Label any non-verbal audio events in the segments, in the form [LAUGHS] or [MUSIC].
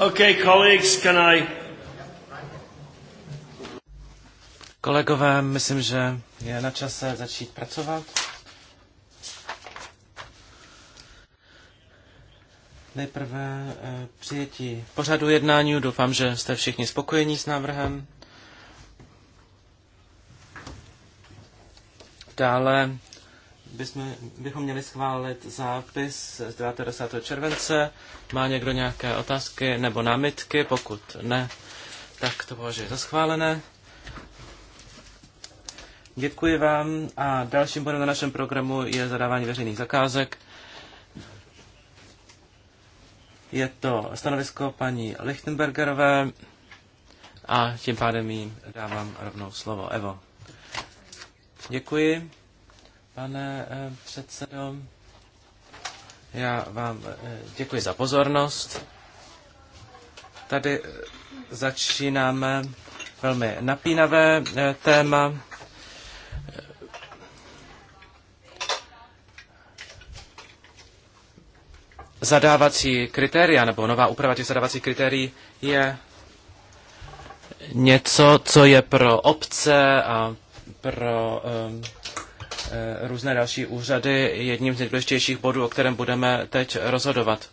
Okay, colleagues, can I... Kolegové, myslím, že je na čase začít pracovat. Nejprve eh, přijetí pořadu jednání. Doufám, že jste všichni spokojení s návrhem. Dále bychom, bychom měli schválit zápis z 90. července. Má někdo nějaké otázky nebo námitky? Pokud ne, tak to považuji za schválené. Děkuji vám a dalším bodem na našem programu je zadávání veřejných zakázek. Je to stanovisko paní Lichtenbergerové a tím pádem jí dávám rovnou slovo. Evo. Děkuji pane eh, předsedo. Já vám eh, děkuji za pozornost. Tady eh, začínáme velmi napínavé téma. Zadávací kritéria nebo nová úprava těch zadávacích kritérií je něco, co je pro obce a pro um, Eh, různé další úřady jedním z nejdůležitějších bodů, o kterém budeme teď rozhodovat.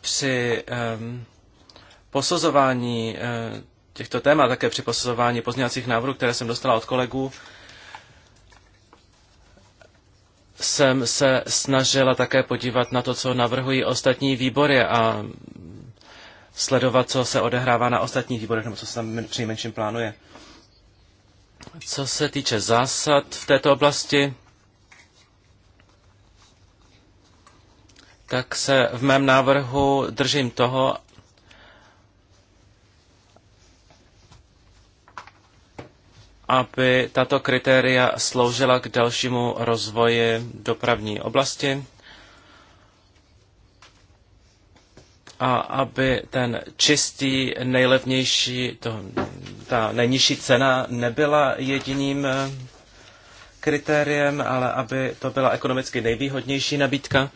Při ehm, posuzování eh, těchto témat, také při posuzování pozměňovacích návrhů, které jsem dostala od kolegů, jsem se snažila také podívat na to, co navrhují ostatní výbory a sledovat, co se odehrává na ostatních výborech, nebo co se tam při plánuje. Co se týče zásad v této oblasti, tak se v mém návrhu držím toho, aby tato kritéria sloužila k dalšímu rozvoji dopravní oblasti a aby ten čistý, nejlevnější, to ta nejnižší cena nebyla jediným eh, kritériem, ale aby to byla ekonomicky nejvýhodnější nabídka.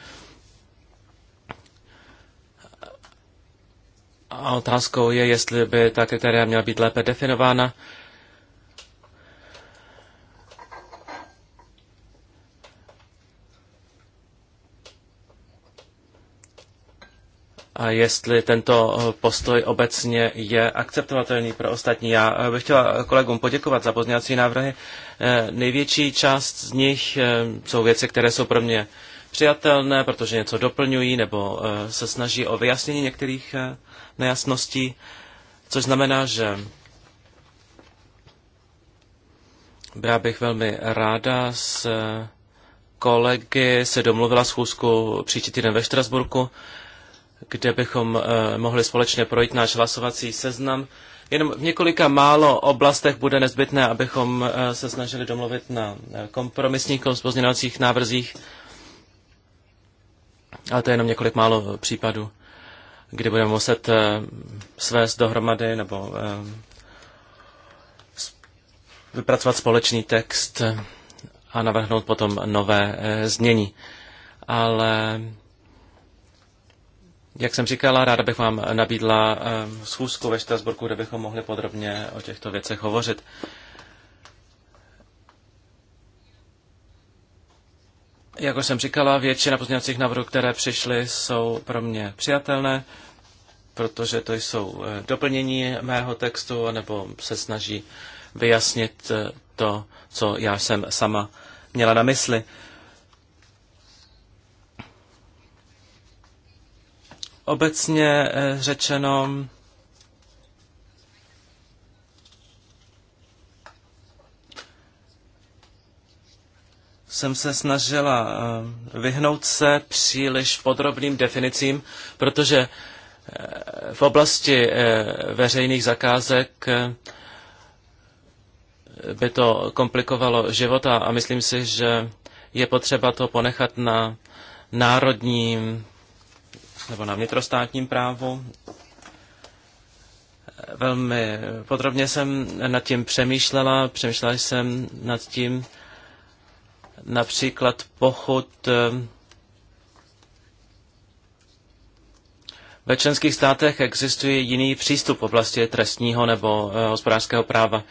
A otázkou je, jestli by ta kritéria měla být lépe definována a jestli tento eh, postoj obecně je akceptovatelný pro ostatní. Já eh, bych chtěla eh, kolegům poděkovat za pozměňovací návrhy. Největší část z nich jsou věci, které jsou pro mě přijatelné, protože něco doplňují nebo se snaží o vyjasnění některých nejasností, což znamená, že byla bych velmi ráda s kolegy se domluvila schůzku příští týden ve Štrasburku, kde bychom eh, mohli společně projít náš hlasovací seznam. Jenom v několika málo oblastech bude nezbytné, abychom eh, se snažili domluvit na eh, kompromisních pozměňovacích návrzích, ale to je jenom několik málo případů, kdy budeme muset svést dohromady nebo vypracovat společný text a navrhnout potom nové znění. Ale jak jsem říkala, ráda bych vám nabídla eh, schůzku ve Štrasburku, kde bychom mohli podrobně o těchto věcech hovořit. Jak už jsem říkala, většina pozměňovacích návrhů, které přišly, jsou pro mě přijatelné, protože to jsou eh, doplnění mého textu, nebo se snaží vyjasnit eh, to, co já jsem sama měla na mysli. Obecně eh, řečeno, jsem se snažila eh, vyhnout se příliš podrobným definicím, protože eh, v oblasti veřejných zakázek by to komplikovalo života a myslím si, že je potřeba to ponechat na národním nebo na vnitrostátním právu. Velmi podrobně jsem nad tím přemýšlela, přemýšlela jsem nad tím například pochod eh, ve členských státech existuje jiný přístup v oblasti trestního nebo eh, hospodářského práva.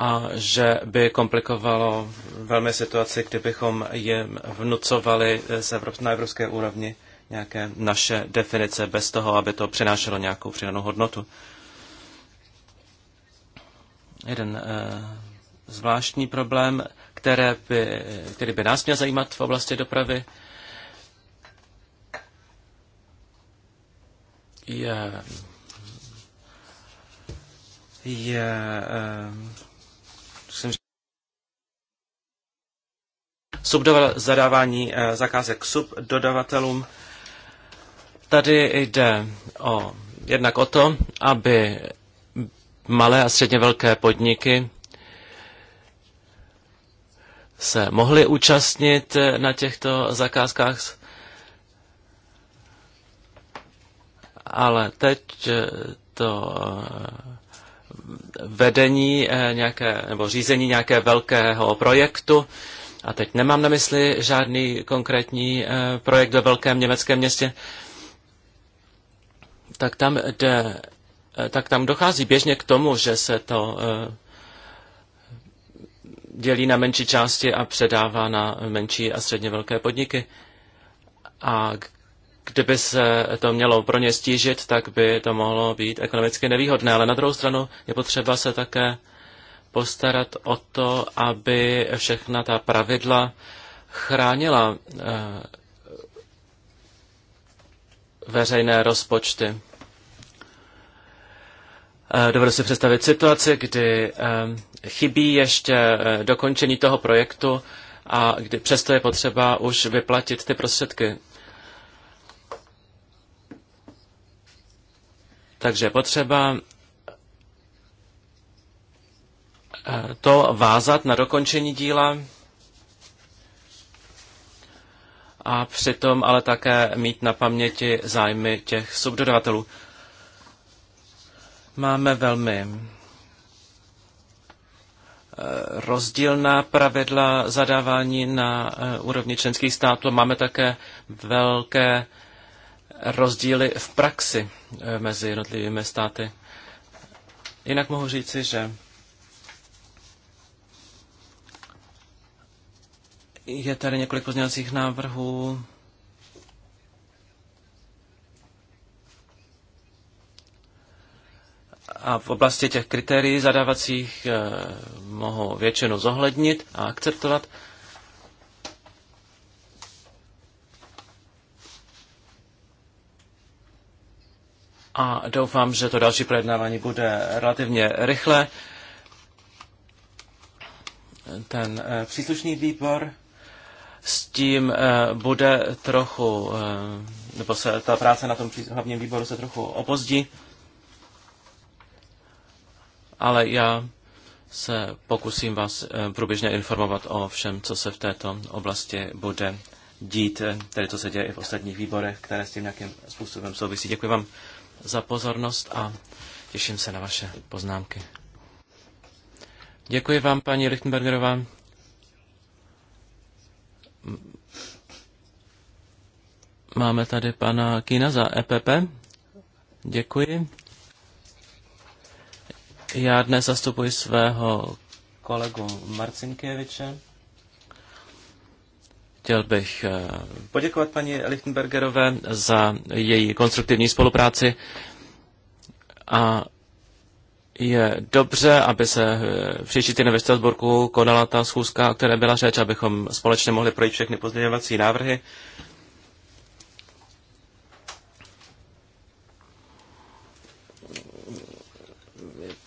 a že by komplikovalo velmi situaci, kdybychom jim vnucovali z Evrop- na evropské úrovni nějaké naše definice bez toho, aby to přinášelo nějakou přidanou hodnotu. Jeden eh, zvláštní problém, které by, který by nás měl zajímat v oblasti dopravy, je, je eh, zadávání eh, zakázek subdodavatelům. Tady jde o, jednak o to, aby malé a středně velké podniky se mohly účastnit eh, na těchto zakázkách, ale teď eh, to vedení nějaké, nebo řízení nějakého velkého projektu a teď nemám na mysli žádný konkrétní eh, projekt ve velkém německém městě, tak tam, jde, eh, tak tam dochází běžně k tomu, že se to eh, dělí na menší části a předává na menší a středně velké podniky. A kdyby se to mělo pro ně stížit, tak by to mohlo být ekonomicky nevýhodné. Ale na druhou stranu je potřeba se také postarat o to, aby všechna ta pravidla chránila eh, veřejné rozpočty. Eh, dovedu si představit situaci, kdy eh, chybí ještě dokončení toho projektu a kdy přesto je potřeba už vyplatit ty prostředky. Takže potřeba to vázat na dokončení díla a přitom ale také mít na paměti zájmy těch subdodavatelů. Máme velmi eh, rozdílná pravidla zadávání na eh, úrovni členských států. Máme také velké rozdíly v praxi eh, mezi jednotlivými státy. Jinak mohu říci, že Je tady několik pozměňovacích návrhů. A v oblasti těch kritérií zadávacích eh, mohou většinu zohlednit a akceptovat. A doufám, že to další projednávání bude relativně rychle. Ten eh, příslušný výbor s tím eh, bude trochu, eh, nebo se ta práce na tom hlavním výboru se trochu opozdí, ale já se pokusím vás eh, průběžně informovat o všem, co se v této oblasti bude dít, tedy co se děje i v ostatních výborech, které s tím nějakým způsobem souvisí. Děkuji vám za pozornost a těším se na vaše poznámky. Děkuji vám, paní Lichtenbergerová. Máme tady pana Kina za EPP. Děkuji. Já dnes zastupuji svého kolegu Marcinkěviče. Chtěl bych eh, poděkovat paní Lichtenbergerové za její konstruktivní spolupráci a je dobře, aby se eh, příští týden ve Štrasburku konala ta schůzka, o které byla řeč, abychom společně mohli projít všechny pozměňovací návrhy.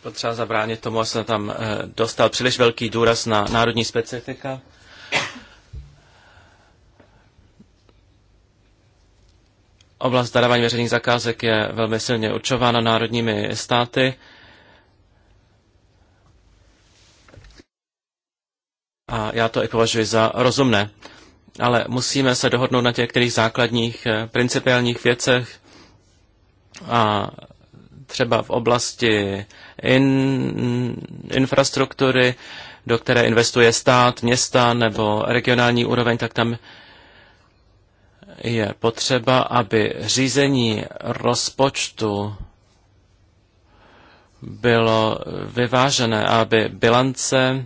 potřeba zabránit tomu, aby se tam eh, dostal příliš velký důraz na národní specifika. Oblast zadávání veřejných zakázek je velmi silně určována národními státy. a já to i považuji za rozumné. Ale musíme se dohodnout na těch kterých základních eh, principiálních věcech a třeba v oblasti in, infrastruktury, do které investuje stát, města nebo regionální úroveň, tak tam je potřeba, aby řízení rozpočtu bylo vyvážené, aby bilance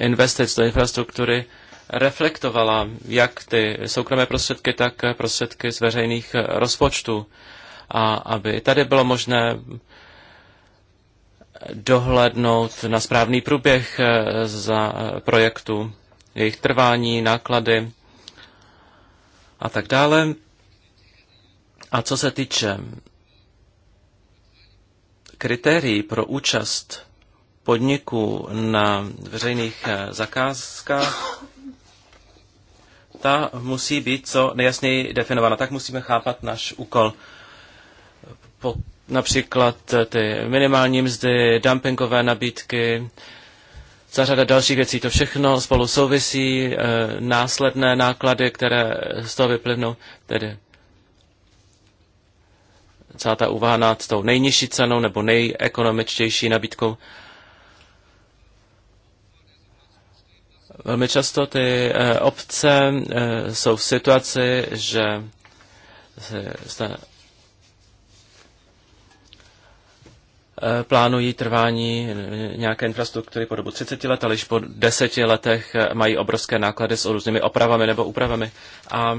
investic do infrastruktury reflektovala jak ty soukromé prostředky, tak prostředky z veřejných rozpočtů. A aby tady bylo možné dohlednout na správný průběh eh, za eh, projektu, jejich trvání, náklady a tak dále. A co se týče kritérií pro účast podniků na veřejných eh, zakázkách, ta musí být co nejasněji definována. Tak musíme chápat náš úkol. Po, například eh, ty minimální mzdy, dumpingové nabídky, zařada dalších věcí. To všechno spolu souvisí, e, následné náklady, které z toho vyplynou, tedy celá ta úvaha nad tou nejnižší cenou nebo nejekonomičtější nabídkou. E, Velmi často ty eh, obce eh, jsou v situaci, že se eh, plánují trvání nějaké infrastruktury po dobu 30 let, ale již po 10 letech mají obrovské náklady s různými opravami nebo úpravami. A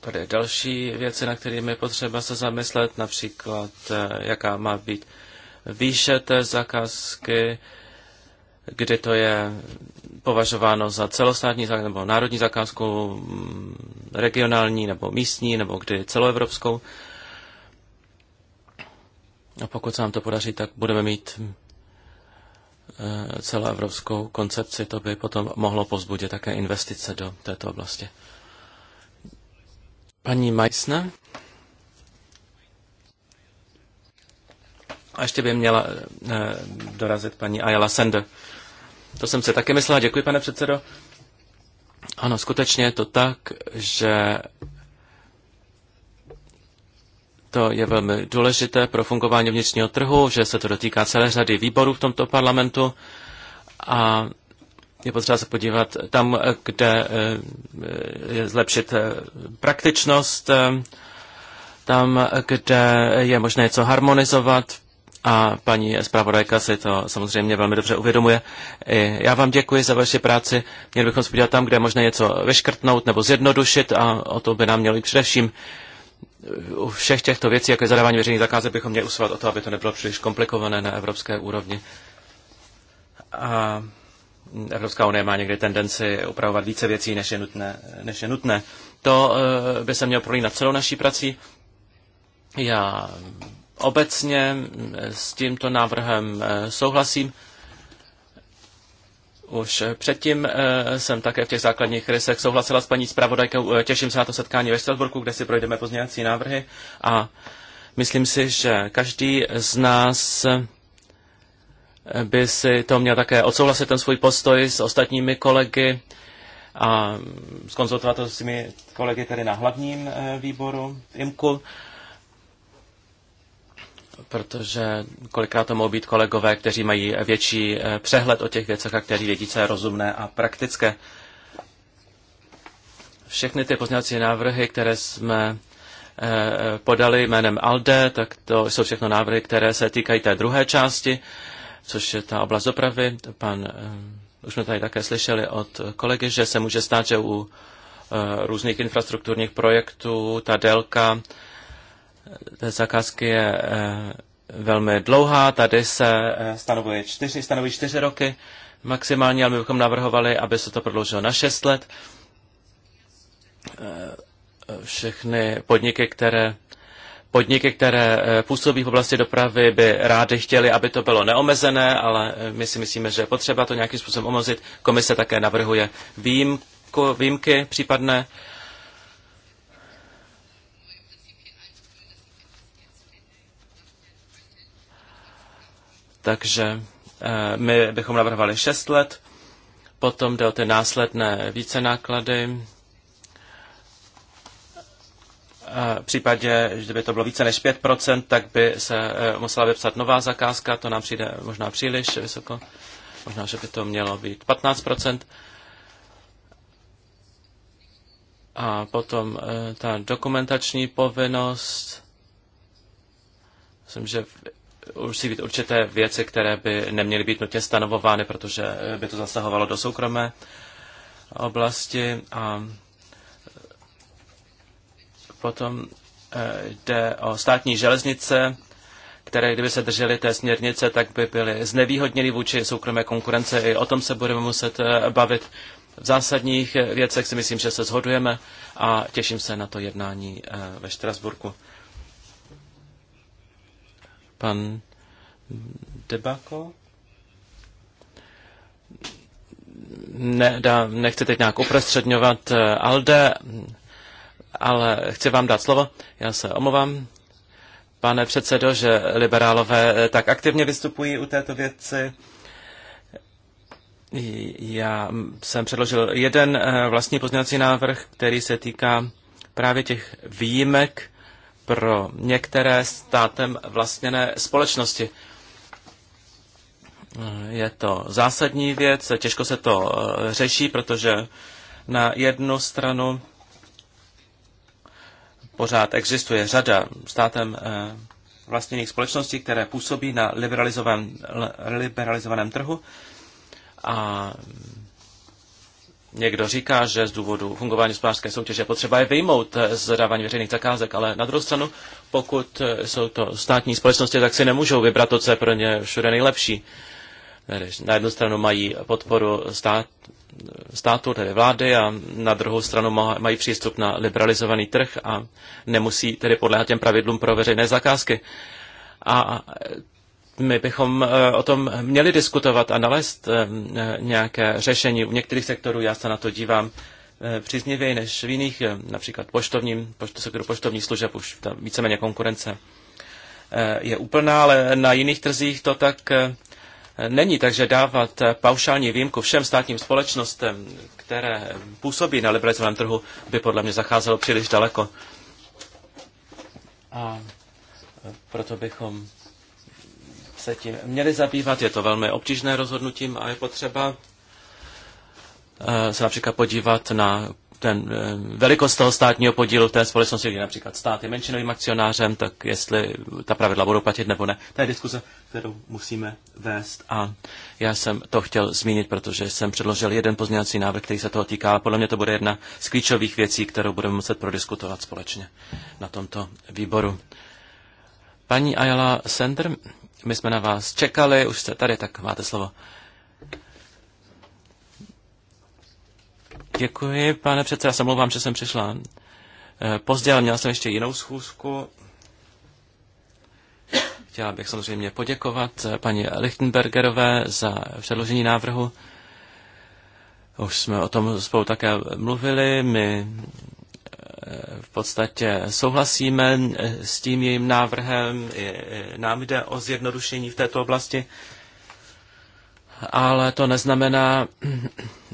tady další věci, na kterými je potřeba se zamyslet, například jaká má být výše té zakázky, kdy to je považováno za celostátní nebo národní zakázku, mm, regionální nebo místní, nebo kdy celoevropskou. A pokud se nám to podaří, tak budeme mít mm, eh, celoevropskou koncepci, to by potom mohlo pozbudit také investice do této oblasti. Paní Meissner. A ještě by měla eh, dorazit paní Ayala Sender. To jsem se taky myslela. Děkuji, pane předsedo. Ano, skutečně je to tak, že to je velmi důležité pro fungování vnitřního trhu, že se to dotýká celé řady výborů v tomto parlamentu a je potřeba se podívat tam, kde eh, je zlepšit eh, praktičnost, tam, kde je možné něco harmonizovat. A paní zpravodajka si to samozřejmě velmi dobře uvědomuje. I já vám děkuji za vaši práci. Měli bychom se podívat tam, kde je možné něco vyškrtnout nebo zjednodušit a o to by nám mělo jít především. U všech těchto věcí, jako je zadávání veřejných zakázek, bychom měli usilovat o to, aby to nebylo příliš komplikované na evropské úrovni. A Evropská unie má někdy tendenci upravovat více věcí, než je nutné. Než je nutné. To eh, by se mělo prolínat celou naší prací. Já Obecně eh, s tímto návrhem eh, souhlasím. Už eh, předtím jsem také v těch základních rysech souhlasila s paní zpravodajkou. Těším se na to setkání ve Štrasburku, kde si projdeme pozměňovací návrhy a myslím si, že každý z nás by si to měl také odsouhlasit ten svůj postoj s ostatními kolegy a mm, skonzultovat to s těmi kolegy tedy na hlavním výboru IMKU protože kolikrát to mohou být kolegové, kteří mají větší eh, přehled o těch věcech a kteří vědí, co je rozumné a praktické. Všechny ty pozměňovací návrhy, které jsme eh, podali jménem ALDE, tak to jsou všechno návrhy, které se týkají té druhé části, což je ta oblast dopravy. Pan, eh, už jsme tady také slyšeli od kolegy, že se může stát, že u různých infrastrukturních projektů ta délka té zakázky je eh, velmi dlouhá. Tady se eh, stanovuje čtyři, stanoví čtyři roky maximálně, ale my bychom navrhovali, aby se to prodloužilo na šest let. Eh, všechny podniky, které podniky, které působí v oblasti dopravy, by rádi chtěli, aby to bylo neomezené, ale my si myslíme, že je potřeba to nějakým způsobem omezit. Komise také navrhuje výjimku, výjimky případné Takže eh, my bychom navrhovali 6 let, potom jde o ty následné více náklady. V případě, že by to bylo více než 5%, tak by se eh, musela vypsat nová zakázka, to nám přijde možná příliš vysoko. Možná, že by to mělo být 15%. A potom eh, ta dokumentační povinnost. Myslím, že v musí být určité věci, které by neměly být nutně stanovovány, protože by to zasahovalo do soukromé oblasti. A potom eh, jde o státní železnice, které kdyby se držely té směrnice, tak by byly znevýhodněny vůči soukromé konkurence. I o tom se budeme muset eh, bavit. V zásadních eh, věcech si myslím, že se shodujeme a těším se na to jednání ve Štrasburku pan Debako. Ne, dá, nechci teď nějak uprostředňovat eh, Alde, ale chci vám dát slovo. Já se omlouvám, pane předsedo, že liberálové eh, tak aktivně vystupují u této věci. Já jsem předložil jeden eh, vlastní pozměňovací návrh, který se týká právě těch výjimek pro některé státem vlastněné společnosti. Je to zásadní věc, těžko se to eh, řeší, protože na jednu stranu pořád existuje řada státem eh, vlastněných společností, které působí na liberalizovaném, liberalizovaném trhu a Někdo říká, že z důvodu fungování hospodářské soutěže je potřeba je vyjmout z zadávání veřejných zakázek, ale na druhou stranu, pokud jsou to státní společnosti, tak si nemůžou vybrat to, co je pro ně všude nejlepší. Na jednu stranu mají podporu stát, státu, tedy vlády, a na druhou stranu mají přístup na liberalizovaný trh a nemusí tedy podléhat těm pravidlům pro veřejné zakázky. A my bychom eh, o tom měli diskutovat a nalézt eh, eh, nějaké řešení. U některých sektorů já se na to dívám příznivěji než v jiných, například poštovním, pošt, sektoru poštovních služeb už ta víceméně konkurence je úplná, ale na jiných trzích to tak není. Takže dávat paušální výjimku všem státním společnostem, které působí na liberalizovaném trhu, by podle mě zacházelo příliš daleko. A proto bychom se tím měli zabývat. Je to velmi obtížné rozhodnutím a je potřeba eh, se například podívat na ten eh, velikost toho státního podílu v té společnosti, kdy například stát je menšinovým akcionářem, tak jestli ta pravidla budou platit nebo ne. To je diskuze, kterou musíme vést a já jsem to chtěl zmínit, protože jsem předložil jeden pozměňovací návrh, který se toho týká. Podle mě to bude jedna z klíčových věcí, kterou budeme muset prodiskutovat společně na tomto výboru. Paní Ayala Sender, my jsme na vás čekali, už jste tady, tak máte slovo. Děkuji, pane předseda, já se mluvám, že jsem přišla eh, pozdě, ale měla jsem ještě jinou schůzku. Chtěla bych samozřejmě poděkovat eh, paní Lichtenbergerové za předložení návrhu. Už jsme o tom spolu také mluvili. My v podstatě souhlasíme s tím jejím návrhem. Nám jde o zjednodušení v této oblasti, ale to neznamená,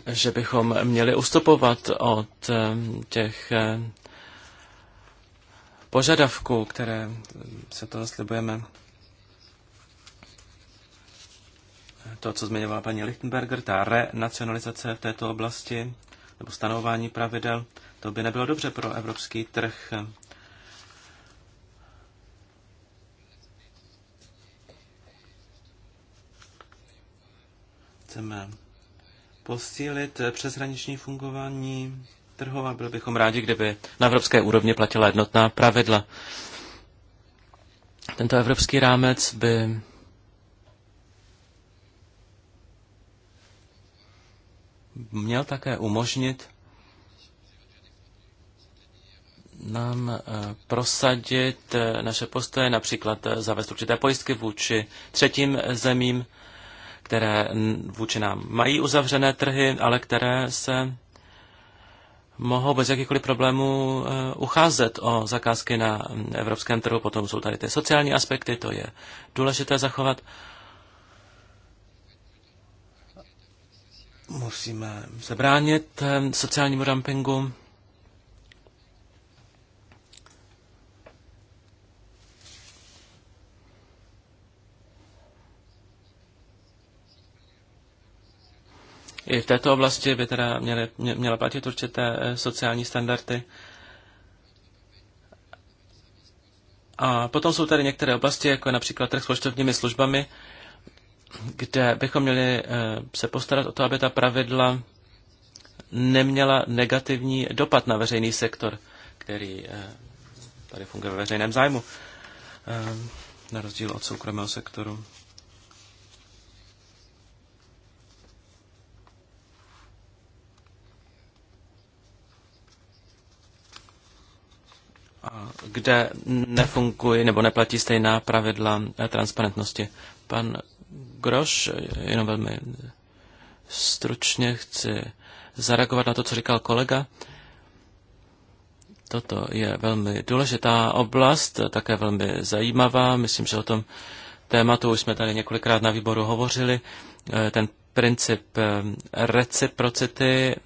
že bychom měli ustupovat od eh, těch eh, požadavků, které se toho slibujeme. To, co zmiňovala paní Lichtenberger, ta renacionalizace v této oblasti, nebo stanování pravidel, to by nebylo dobře pro evropský trh. Chceme posílit přeshraniční fungování trhu a byli bychom rádi, kdyby na evropské úrovni platila jednotná pravidla. Tento evropský rámec by měl také umožnit nám eh, prosadit eh, naše postoje, například eh, zavést určité pojistky vůči třetím zemím, které vůči nám mají uzavřené trhy, ale které se mohou bez jakýchkoliv problémů ucházet o zakázky na mm, evropském trhu. Potom jsou tady ty sociální aspekty, to je důležité zachovat. Musíme zabránit sociálnímu dumpingu. i v této oblasti by teda měly, měla platit určité eh, sociální standardy. A potom jsou tady některé oblasti, jako je například trh s poštovními službami, kde bychom měli eh, se postarat o to, aby ta pravidla neměla negativní dopad na veřejný sektor, který eh, tady funguje ve veřejném zájmu, na rozdíl od soukromého sektoru. kde nefungují nebo neplatí stejná pravidla transparentnosti. Pan Groš, jenom velmi stručně chci zareagovat na to, co říkal kolega. Toto je velmi důležitá oblast, také velmi zajímavá. Myslím, že o tom tématu už jsme tady několikrát na výboru hovořili. E, ten princip e, reciprocity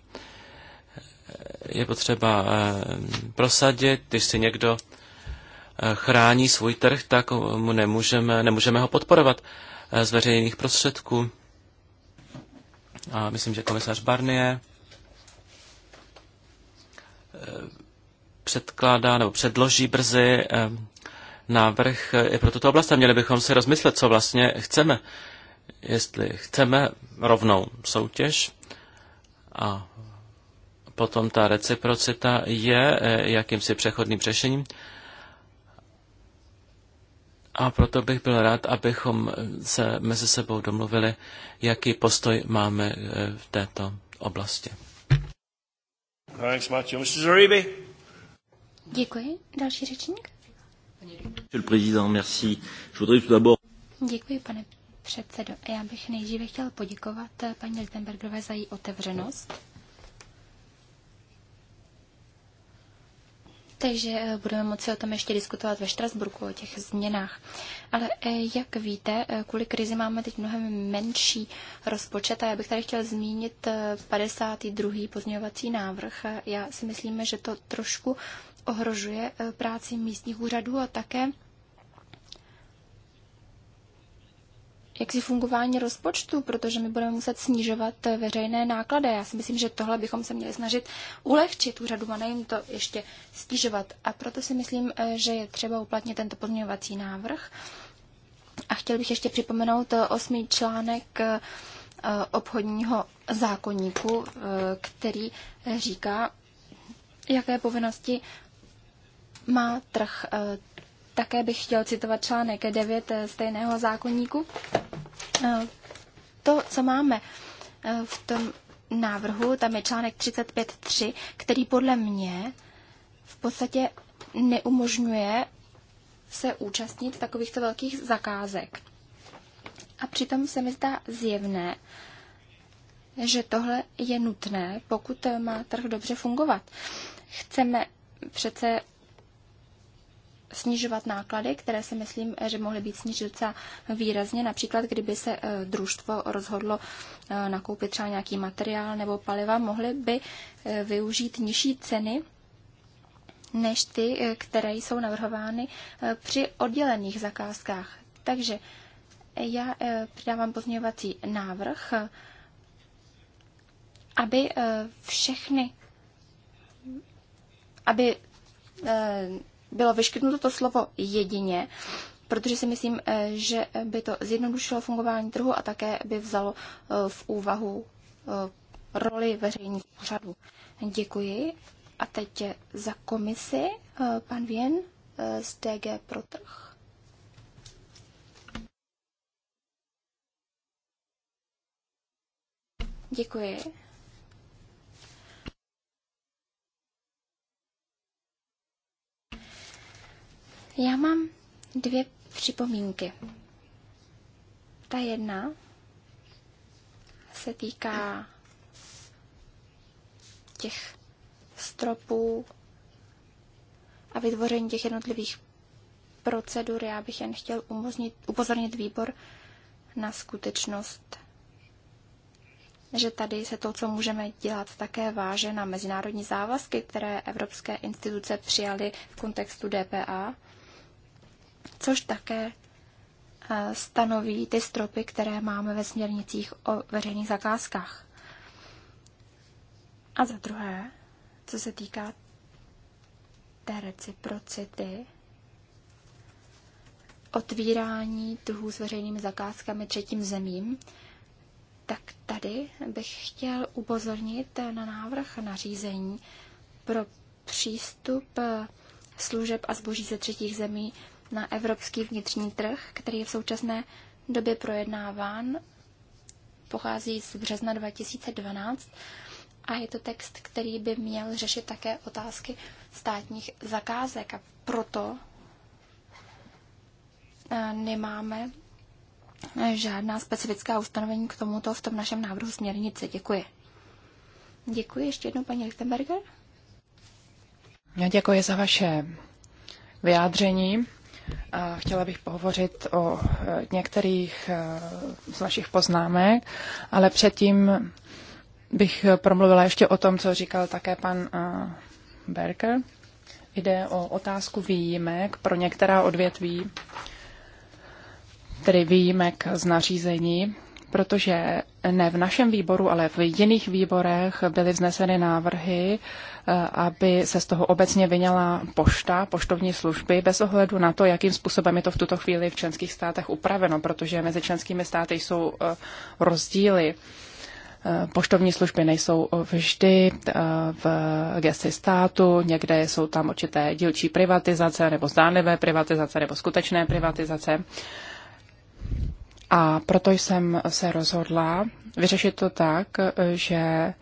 je potřeba eh, prosadit. Když si někdo eh, chrání svůj trh, tak mu nemůžeme, nemůžeme ho podporovat eh, z veřejných prostředků. A myslím, že komisař Barnier předkládá nebo předloží brzy návrh i pro tuto oblast a měli bychom si rozmyslet, co vlastně chceme. Jestli chceme rovnou soutěž a potom ta reciprocita je eh, jakýmsi přechodným řešením. A proto bych byl rád, abychom se mezi sebou domluvili, jaký postoj máme eh, v této oblasti. Thanks, Děkuji. Další řečník. Děkuji, pane předsedo. Já bych nejdříve chtěl poděkovat eh, paní Lichtenbergové za její otevřenost. Takže eh, budeme moci o tom ještě diskutovat ve Štrasburku, o těch změnách. Ale eh, jak víte, eh, kvůli krizi máme teď mnohem menší rozpočet a já bych tady chtěl zmínit 52. pozměňovací návrh. Já si myslím, že to trošku ohrožuje práci místních úřadů a také jaksi fungování rozpočtu, protože my budeme muset snižovat eh, veřejné náklady. Já si myslím, že tohle bychom se měli snažit ulehčit úřadu a nejim to ještě snižovat. A proto si myslím, eh, že je třeba uplatnit tento pozměňovací návrh. A chtěl bych ještě připomenout eh, osmý článek obchodního zákonníku, který říká, jaké povinnosti má trh také bych chtěl citovat článek 9 eh, stejného zákonníku. Eh, to, co máme eh, v tom návrhu, tam je článek 35.3, který podle mě v podstatě neumožňuje se účastnit takovýchto velkých zakázek. A přitom se mi zdá zjevné, že tohle je nutné, pokud má trh dobře fungovat. Chceme přece snižovat náklady, které si myslím, eh, že mohly být snižit docela výrazně, například kdyby se eh, družstvo rozhodlo eh, nakoupit třeba nějaký materiál nebo paliva, mohly by využít nižší ceny než ty, které jsou navrhovány při oddělených zakázkách. Takže já přidávám pozměňovací návrh, aby všechny, aby bylo vyškrtnuto to slovo jedině, protože si myslím, eh, že by to zjednodušilo fungování trhu a také by vzalo eh, v úvahu eh, roli veřejných pořadů. Děkuji. A teď za komisi pan Věn z DG pro trh. Děkuji. Já mám dvě připomínky. Ta jedna se týká těch stropů a vytvoření těch jednotlivých procedur. Já bych jen chtěl umožnit, upozornit výbor na skutečnost, že tady se to, co můžeme dělat, také váže na mezinárodní závazky, které evropské instituce přijaly v kontextu DPA což také eh, stanoví ty stropy, které máme ve směrnicích o veřejných zakázkách. A za druhé, co se týká té reciprocity, otvírání trhů s veřejnými zakázkami třetím zemím, tak tady bych chtěl upozornit na návrh nařízení pro přístup eh, služeb a zboží ze třetích zemí na evropský vnitřní trh, který je v současné době projednáván. Pochází z března 2012 a je to text, který by měl řešit také otázky státních zakázek a proto eh, nemáme eh, žádná specifická ustanovení k tomuto v tom našem návrhu směrnice. Děkuji. Děkuji ještě jednou, paní Lichtenberger. Já děkuji za vaše vyjádření. Chtěla bych pohovořit o eh, některých eh, z našich poznámek, ale předtím bych promluvila ještě o tom, co říkal také pan eh, Berker. Jde o otázku výjimek pro některá odvětví, tedy výjimek z nařízení protože ne v našem výboru, ale v jiných výborech byly vzneseny návrhy, eh, aby se z toho obecně vyněla pošta, poštovní služby, bez ohledu na to, jakým způsobem je to v tuto chvíli v členských státech upraveno, protože mezi členskými státy jsou eh, rozdíly. Eh, poštovní služby nejsou vždy v gesti státu, někde jsou tam určité dílčí privatizace nebo zdánlivé privatizace nebo skutečné privatizace. A proto jsem se rozhodla vyřešit to tak, že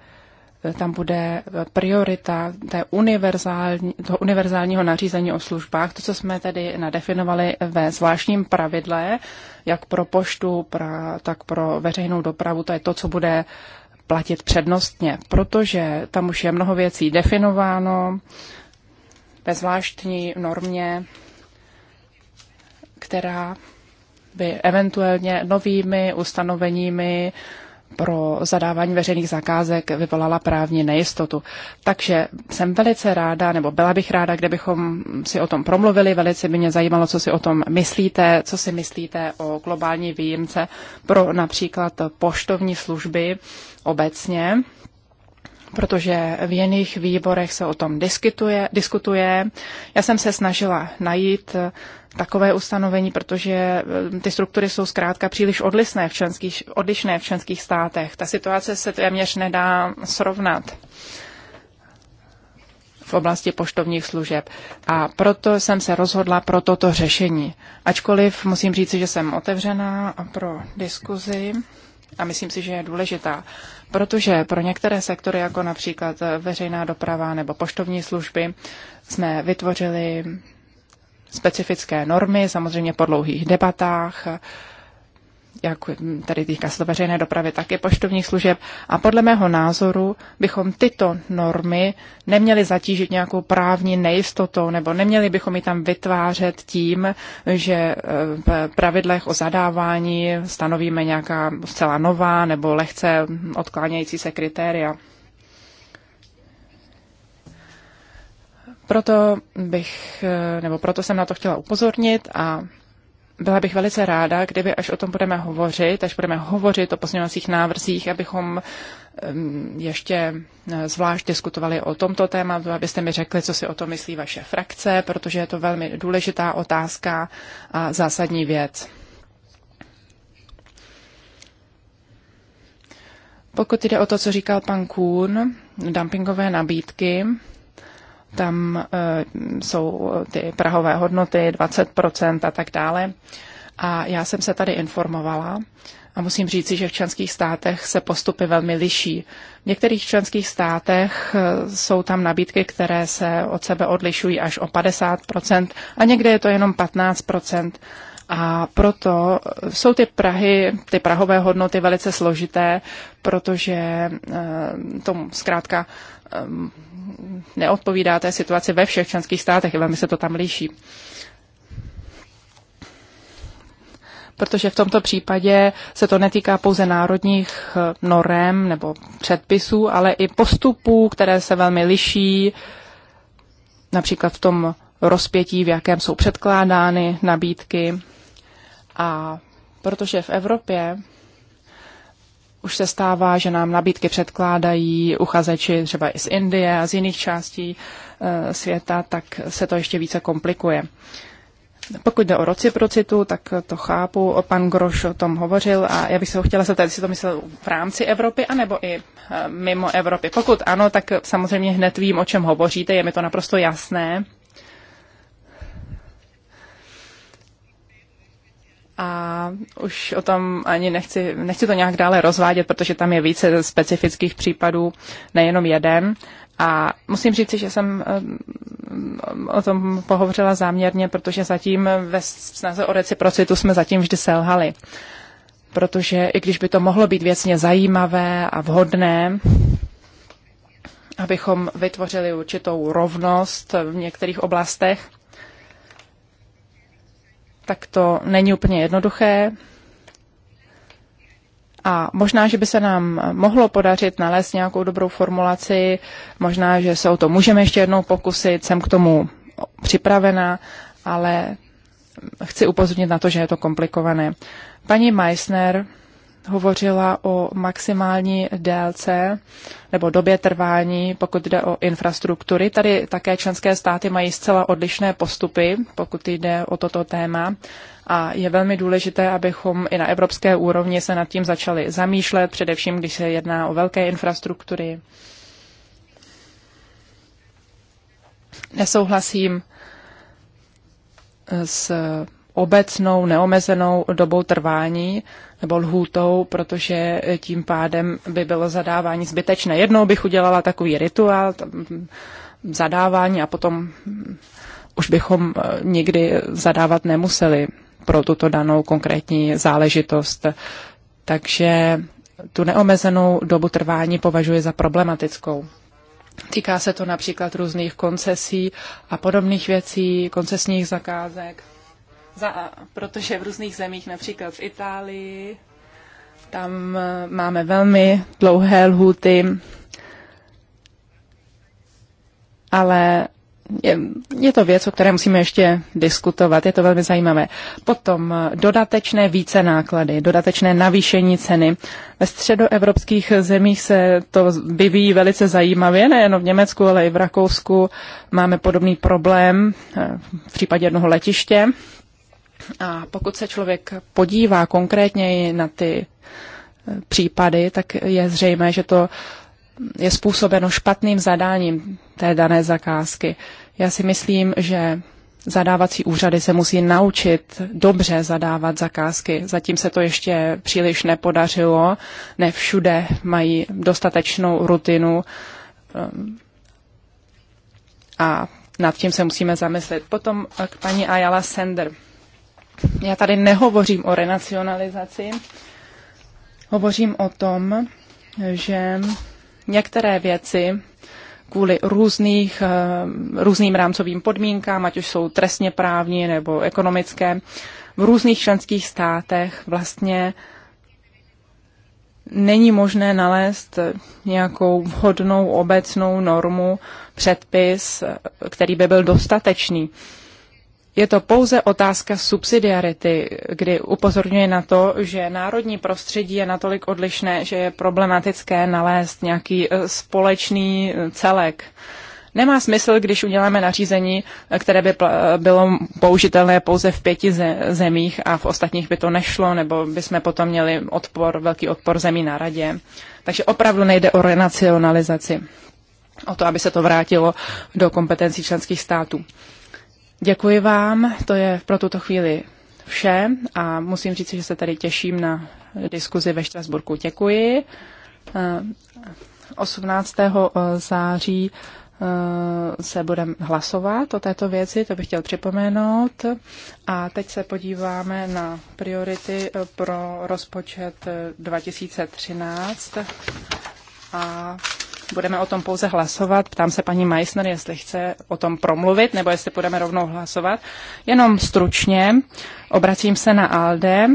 tam bude priorita té univerzální, toho univerzálního nařízení o službách, to, co jsme tedy nadefinovali ve zvláštním pravidle, jak pro poštu, pra, tak pro veřejnou dopravu, to je to, co bude platit přednostně, protože tam už je mnoho věcí definováno ve zvláštní normě, která by eventuálně novými ustanoveními pro zadávání veřejných zakázek vyvolala právní nejistotu. Takže jsem velice ráda, nebo byla bych ráda, kdybychom si o tom promluvili. Velice by mě zajímalo, co si o tom myslíte, co si myslíte o globální výjimce pro například poštovní služby obecně protože v jiných výborech se o tom diskutuje. diskutuje. Já jsem se snažila najít eh, takové ustanovení, protože eh, ty struktury jsou zkrátka příliš odlišné v členských, odlišné v členských státech. Ta situace se téměř nedá srovnat v oblasti poštovních služeb. A proto jsem se rozhodla pro toto řešení. Ačkoliv musím říct, že jsem otevřená pro diskuzi a myslím si, že je důležitá, protože pro některé sektory, jako například veřejná doprava nebo poštovní služby, jsme vytvořili specifické normy, samozřejmě po dlouhých debatách, jak tady týká se to veřejné dopravy, tak i poštovních služeb. A podle mého názoru bychom tyto normy neměli zatížit nějakou právní nejistotou, nebo neměli bychom ji tam vytvářet tím, že eh, v pravidlech o zadávání stanovíme nějaká zcela nová nebo lehce odklánějící se kritéria. Proto bych, eh, nebo proto jsem na to chtěla upozornit a byla bych velice ráda, kdyby až o tom budeme hovořit, až budeme hovořit o pozměňovacích návrzích, abychom ještě e, zvlášť diskutovali o tomto tématu, abyste mi řekli, co si o tom myslí vaše frakce, protože je to velmi důležitá otázka a zásadní věc. Pokud jde o to, co říkal pan Kuhn, dumpingové nabídky, tam eh, jsou eh, ty prahové hodnoty 20% a tak dále. A já jsem se tady informovala a musím říci, že v členských státech se postupy velmi liší. V některých členských státech eh, jsou tam nabídky, které se od sebe odlišují až o 50% a někde je to jenom 15%. A proto jsou ty Prahy, ty prahové hodnoty velice složité, protože tomu zkrátka ehm, neodpovídá té situaci ve všech členských státech, velmi se to tam liší. Protože v tomto případě se to netýká pouze národních norem nebo předpisů, ale i postupů, které se velmi liší, například v tom rozpětí, v jakém jsou předkládány nabídky. A protože v Evropě už se stává, že nám nabídky předkládají uchazeči třeba i z Indie a z jiných částí eh, světa, tak se to ještě více komplikuje. Pokud jde o reciprocitu, tak to chápu, pan Groš o tom hovořil a já bych se ho chtěla zeptat, jestli to myslel v rámci Evropy, anebo i eh, mimo Evropy. Pokud ano, tak samozřejmě hned vím, o čem hovoříte, je mi to naprosto jasné. A už o tom ani nechci, nechci to nějak dále rozvádět, protože tam je více specifických případů, nejenom jeden. A musím říct, že jsem eh, o tom pohovřela záměrně, protože zatím ve snaze o reciprocitu jsme zatím vždy selhali. Protože i když by to mohlo být věcně zajímavé a vhodné, abychom vytvořili určitou rovnost v některých oblastech, tak to není úplně jednoduché. A možná, že by se nám mohlo podařit nalézt nějakou dobrou formulaci, možná, že se o to můžeme ještě jednou pokusit, jsem k tomu připravena, ale chci upozornit na to, že je to komplikované. Paní Meissner hovořila o maximální délce nebo době trvání, pokud jde o infrastruktury. Tady také členské státy mají zcela odlišné postupy, pokud jde o toto téma. A je velmi důležité, abychom i na evropské úrovni se nad tím začali zamýšlet, především když se jedná o velké infrastruktury. Nesouhlasím s obecnou neomezenou dobou trvání nebo lhůtou, protože tím pádem by bylo zadávání zbytečné. Jednou bych udělala takový rituál mm, zadávání a potom mm, už bychom e, nikdy zadávat nemuseli pro tuto danou konkrétní záležitost. Takže tu neomezenou dobu trvání považuji za problematickou. Týká se to například různých koncesí a podobných věcí, koncesních zakázek. Za, protože v různých zemích, například v Itálii, tam eh, máme velmi dlouhé lhuty, ale je, je to věc, o které musíme ještě diskutovat. Je to velmi zajímavé. Potom eh, dodatečné více náklady, dodatečné navýšení ceny. Ve středoevropských zemích se to vyvíjí velice zajímavě, nejen v Německu, ale i v Rakousku máme podobný problém eh, v případě jednoho letiště. A pokud se člověk podívá konkrétněji na ty e, případy, tak je zřejmé, že to je způsobeno špatným zadáním té dané zakázky. Já si myslím, že zadávací úřady se musí naučit dobře zadávat zakázky. Zatím se to ještě příliš nepodařilo, ne všude mají dostatečnou rutinu e, a nad tím se musíme zamyslet. Potom k paní Ayala Sender. Já tady nehovořím o renacionalizaci, hovořím o tom, že některé věci kvůli různých, eh, různým rámcovým podmínkám, ať už jsou trestně právní nebo ekonomické, v různých členských státech vlastně není možné nalézt nějakou vhodnou obecnou normu, předpis, eh, který by byl dostatečný. Je to pouze otázka subsidiarity, kdy upozorňuje na to, že národní prostředí je natolik odlišné, že je problematické nalézt nějaký e, společný e, celek. Nemá smysl, když uděláme nařízení, e, které by bylo použitelné pouze v pěti zemích a v ostatních by to nešlo, nebo by jsme potom měli odpor, velký odpor zemí na radě. Takže opravdu nejde o renacionalizaci, o to, aby se to vrátilo do kompetencí členských států. Děkuji vám, to je pro tuto chvíli vše a musím říct, že se tady těším na diskuzi ve Štrasburku. Děkuji. 18. Eh, eh, září eh, se budeme hlasovat o této věci, to bych chtěl připomenout. A teď se podíváme na priority pro rozpočet 2013. A Budeme o tom pouze hlasovat. Ptám se paní Meissner, jestli chce o tom promluvit, nebo jestli budeme rovnou hlasovat. Jenom stručně obracím se na ALDE.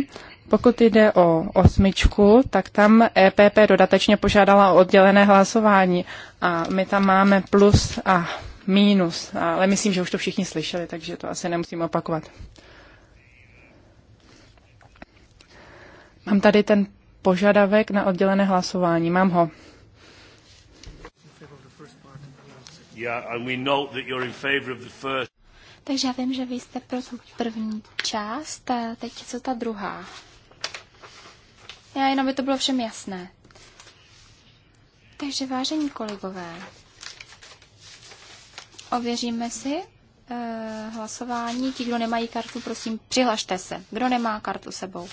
Pokud jde o osmičku, tak tam EPP dodatečně požádala o oddělené hlasování a my tam máme plus a mínus, ale myslím, že už to všichni slyšeli, takže to asi nemusím opakovat. Mám tady ten požadavek na oddělené hlasování, mám ho. Takže já vím, že vy jste pro tu první část a teď co ta druhá. Já jenom by to bylo všem jasné. Takže vážení kolegové, ověříme si e, hlasování. Ti, kdo nemají kartu, prosím, přihlašte se. Kdo nemá kartu sebou?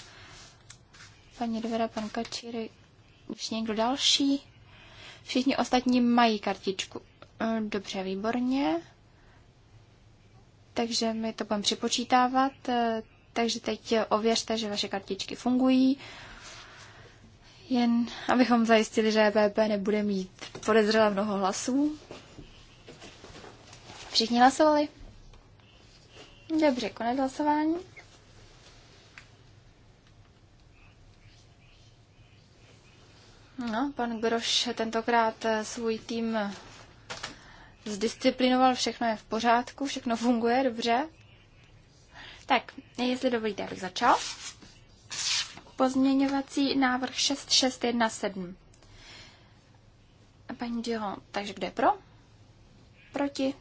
Paní Dvera, pan Kačíry, ještě někdo další? Všichni ostatní mají kartičku. Eh, dobře, výborně. Takže my to budeme připočítávat. Eh, takže teď ověřte, že vaše kartičky fungují. Jen abychom zajistili, že EPP nebude mít podezřele mnoho hlasů. Všichni hlasovali? Dobře, konec hlasování. No, pan Groš tentokrát eh, svůj tým zdisciplinoval, všechno je v pořádku, všechno funguje dobře. Tak, jestli dovolíte, abych začal. Pozměňovací návrh 6617. Paní Dion, takže kde pro? Proti?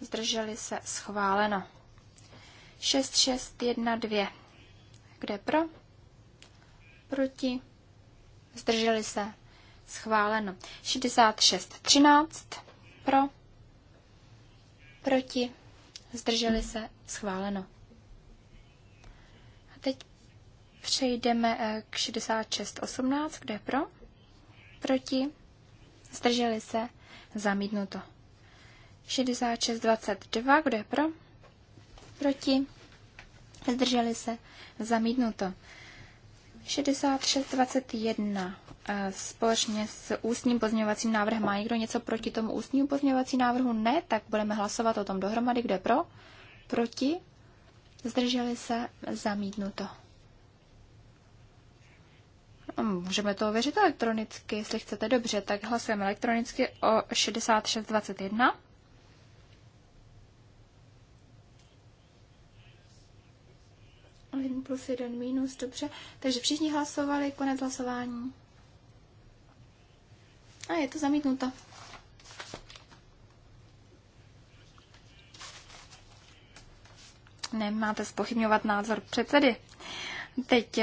Zdrželi se schváleno. 6612. Kde pro? Proti? Zdrželi se Schváleno. 66, 13 pro, proti, zdrželi se, schváleno. A teď přejdeme eh, k 66, 18, kde je pro, proti, zdrželi se, zamítnuto. 66, 22, kde je pro, proti, zdrželi se, zamítnuto. 6621 eh, společně s ústním pozměňovacím návrhem. Má někdo něco proti tomu ústnímu pozměňovacím návrhu? Ne, tak budeme hlasovat o tom dohromady. Kdo je pro? Proti? Zdrželi se? Zamítnuto. No, můžeme to ověřit elektronicky, jestli chcete dobře, tak hlasujeme elektronicky o 6621. jeden plus jeden minus, dobře. Takže všichni hlasovali, konec hlasování. A je to zamítnuto. Nemáte spochybňovat názor předsedy. Teď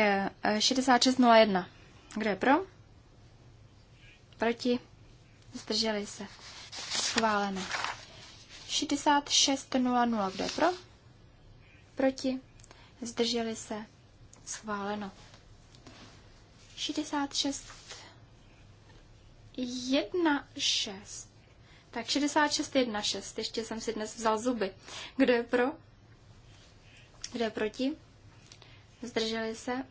6601. Eh, Kdo je pro? Proti? Zdrželi se. Schváleno. 6600. Kdo je pro? Proti? zdrželi se, schváleno. 66, 1, 6. Tak 66, 1, 6. Ještě jsem si dnes vzal zuby. Kdo je pro? Kdo je proti? Zdrželi se?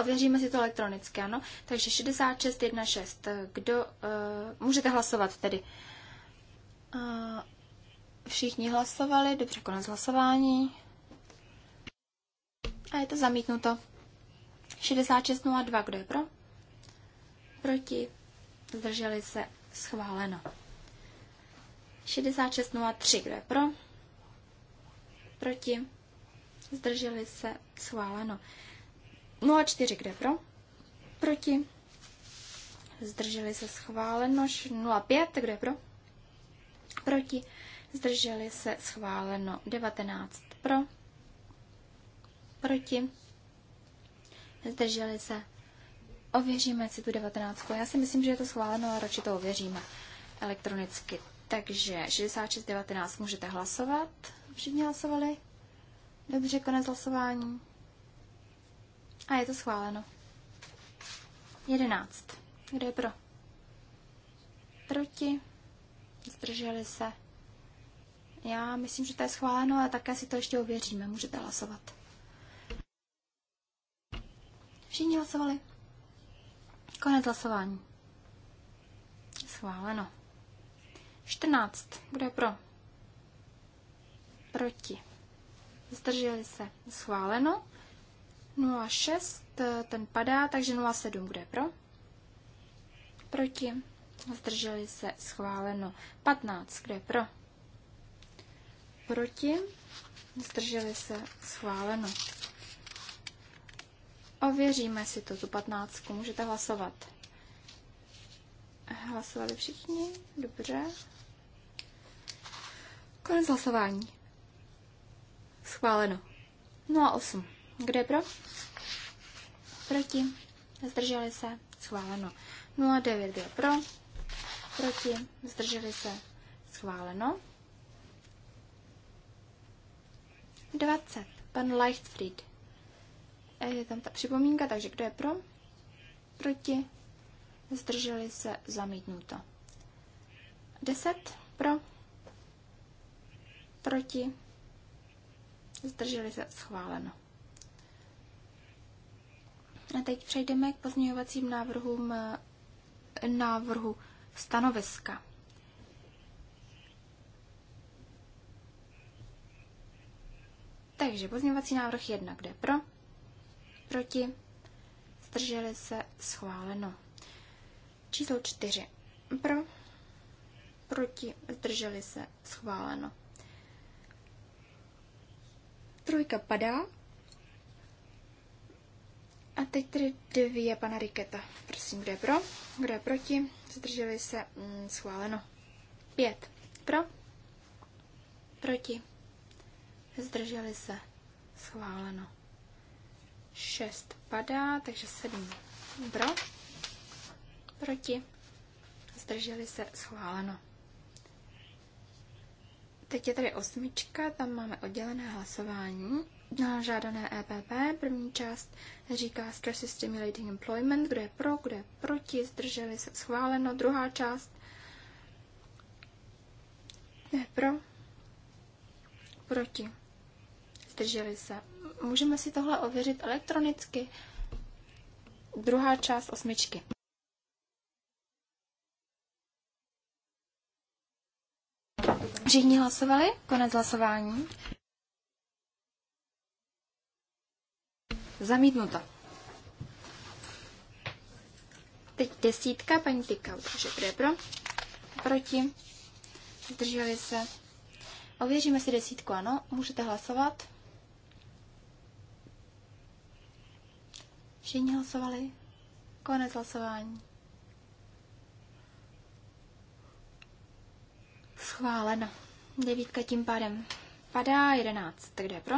Ověříme si to elektronicky, ano. Takže 66, 1, 6. Kdo, uh, můžete hlasovat tedy. Uh, všichni hlasovali, dobře, konec hlasování. A je to zamítnuto. 66.02, kdo je pro? Proti. Zdrželi se. Schváleno. 66.03, kdo je pro? Proti. Zdrželi se. Schváleno. 04, kde pro? Proti. Zdrželi se schváleno. 05, kde pro? Proti. Zdrželi se schváleno. 19 pro. Proti? Zdrželi se. Ověříme si tu devatenáctku. Já si myslím, že je to schváleno, ale radši to ověříme elektronicky. Takže 66.19 můžete hlasovat. Všichni hlasovali? Dobře, konec hlasování. A je to schváleno. 11. Kdo je pro? Proti? Zdrželi se. Já myslím, že to je schváleno, ale také si to ještě ověříme. Můžete hlasovat. Všichni hlasovali? Konec hlasování. Schváleno. 14. Kdo je pro? Proti. Zdrželi se. Schváleno. 06. Ten padá, takže 07. Kdo je pro? Proti. Zdrželi se. Schváleno. 15. Kdo je pro? Proti. Zdrželi se. Schváleno. Ověříme si to, tu patnáctku. Můžete hlasovat. Hlasovali všichni? Dobře. Konec hlasování. Schváleno. No a 8. Kde je pro? Proti. Zdrželi se. Schváleno. 09 no kde je pro? Proti. Zdrželi se. Schváleno. 20. Pan Leichtfried. E, je tam ta připomínka, takže kdo je pro? Proti? Zdrželi se zamítnuto. 10 pro? Proti? Zdrželi se schváleno. A teď přejdeme k pozměňovacím návrhům e, návrhu stanoviska. Takže pozměňovací návrh 1, kde pro? Proti? Zdrželi se? Schváleno. Číslo 4. Pro? Proti? Zdrželi se? Schváleno. Trojka padá. A teď tedy dvě pana Riketa. Prosím, kdo je pro, kdo je proti, zdrželi se, mm, schváleno. Pět. Pro, proti, zdrželi se, schváleno. 6 padá, takže 7 pro, proti, zdrželi se schváleno. Teď je tady osmička, tam máme oddělené hlasování na žádané EPP. První část říká Stress Stimulating Employment, kdo je pro, kdo je proti, zdrželi se schváleno. Druhá část kdo je pro, proti, zdrželi se. Můžeme si tohle ověřit elektronicky. Druhá část osmičky. Všichni hlasovali? Konec hlasování. Zamítnuto. Teď desítka, paní Tyka, takže je pro? Proti? Zdrželi se? Ověříme si desítku, ano. Můžete hlasovat. Všichni hlasovali? Konec hlasování. Schváleno. Devítka tím pádem padá, jedenáct. Tak kde pro?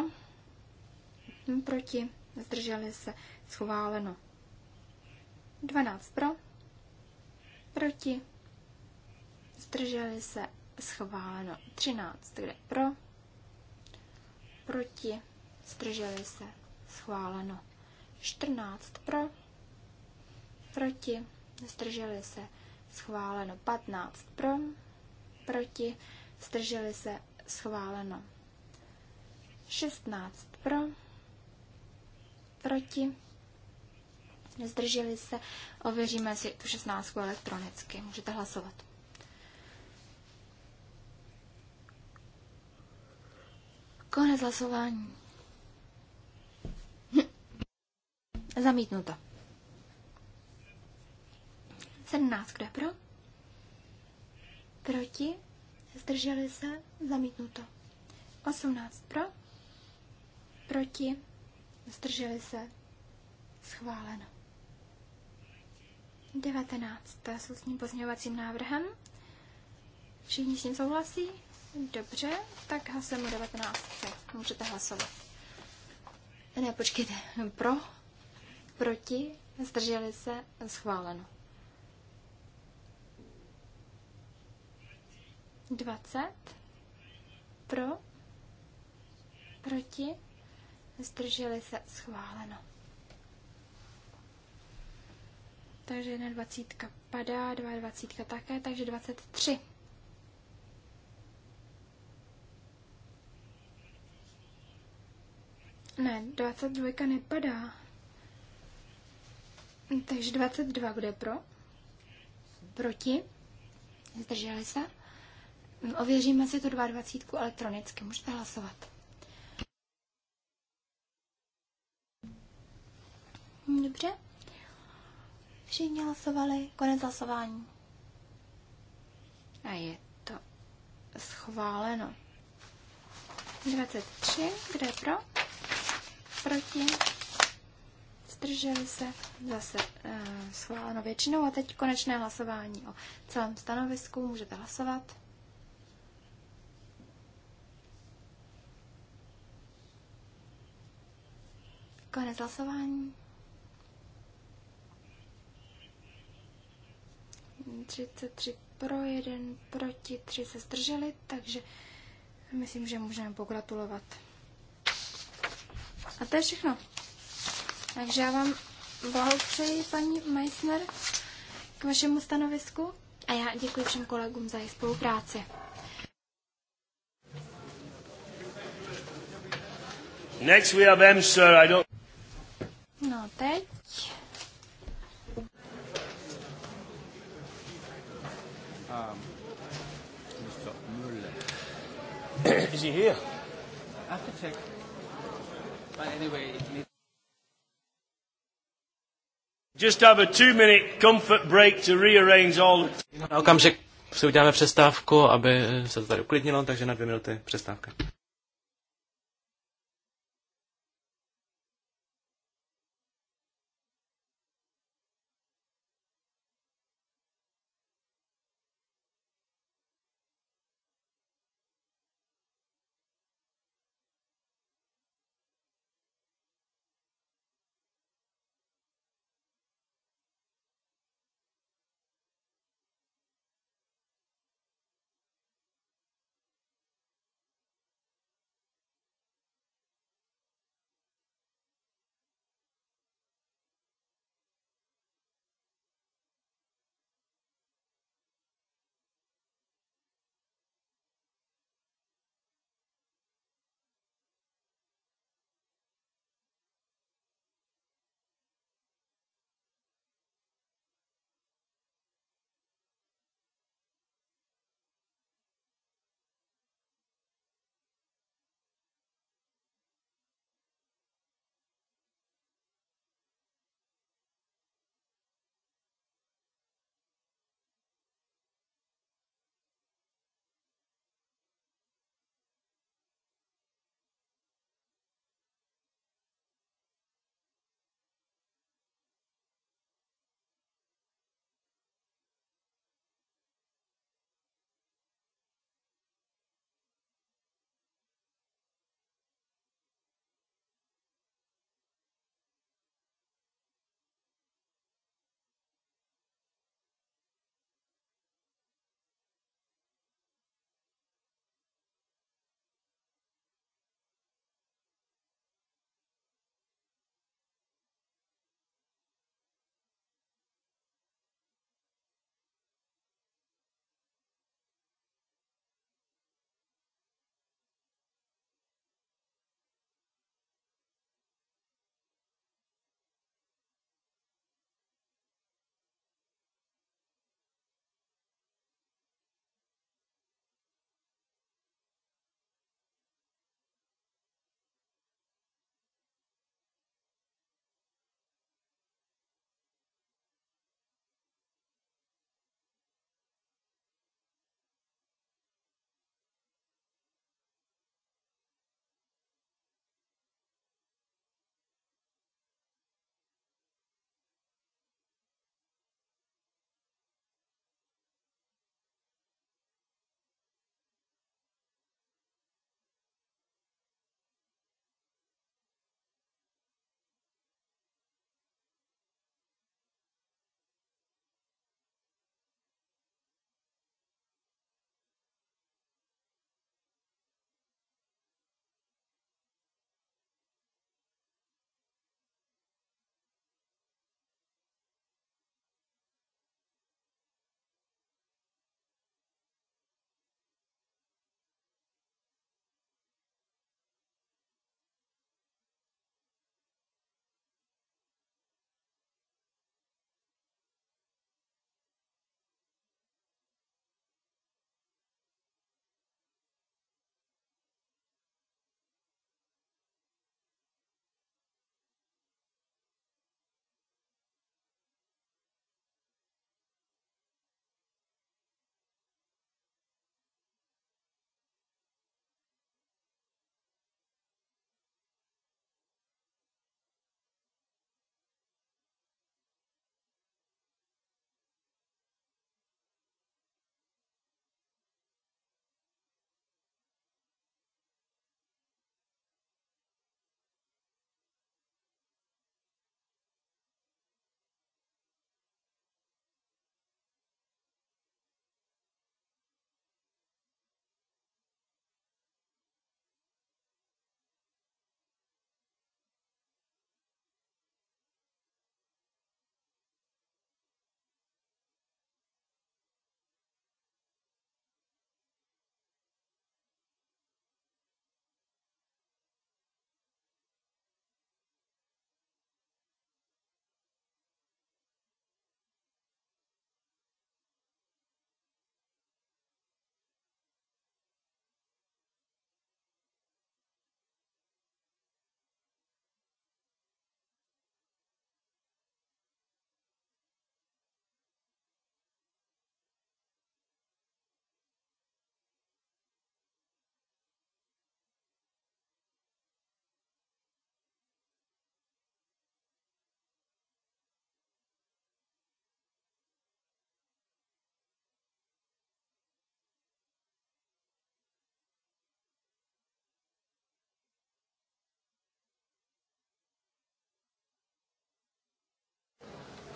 Hm, proti. Zdrželi se. Schváleno. Dvanáct pro. Proti. Zdrželi se. Schváleno. Tak kde pro? Proti. Zdrželi se. Schváleno. 14 pro, proti, zdrželi se, schváleno 15 pro, proti, zdrželi se, schváleno 16 pro, proti, zdrželi se, ověříme si tu 16 elektronicky, můžete hlasovat. Konec hlasování. Zamítnuto. 17. Kdo je pro? Proti? Zdrželi se? Zamítnuto. 18. Pro? Proti? Zdrželi se? Schváleno. 19. To jsou S ústním pozměňovacím návrhem. Všichni s ním souhlasí? Dobře, tak hlasujeme 19. Můžete hlasovat. Ne, počkejte, pro proti, zdrželi se, schváleno. 20 pro, proti, zdrželi se, schváleno. Takže jedna dvacítka padá, dva dvacítka také, takže 23. Ne, 22 nepadá. Takže 22, bude pro? Proti? Zdrželi se? No, ověříme si tu 22 elektronicky. Můžete hlasovat. Dobře. Všichni hlasovali. Konec hlasování. A je to schváleno. 23, kde pro? Proti zdrželi se, zase e, schváleno většinou. A teď konečné hlasování o celém stanovisku. Můžete hlasovat. Konec hlasování. 33 pro, 1 proti, 3 se zdrželi, takže myslím, že můžeme pogratulovat. A to je všechno. Takže já vám blahopřeji, paní Meissner, k vašemu stanovisku a já děkuji všem kolegům za jejich spolupráci. Next we have M, sir. I don't... No, teď. Um, Mr. Müller. Is he here? I have to check. But anyway, it needs Just have a two minute comfort break to rearrange all... Na okamžik si uděláme přestávku, aby se to tady uklidnilo, takže na dvě minuty přestávka.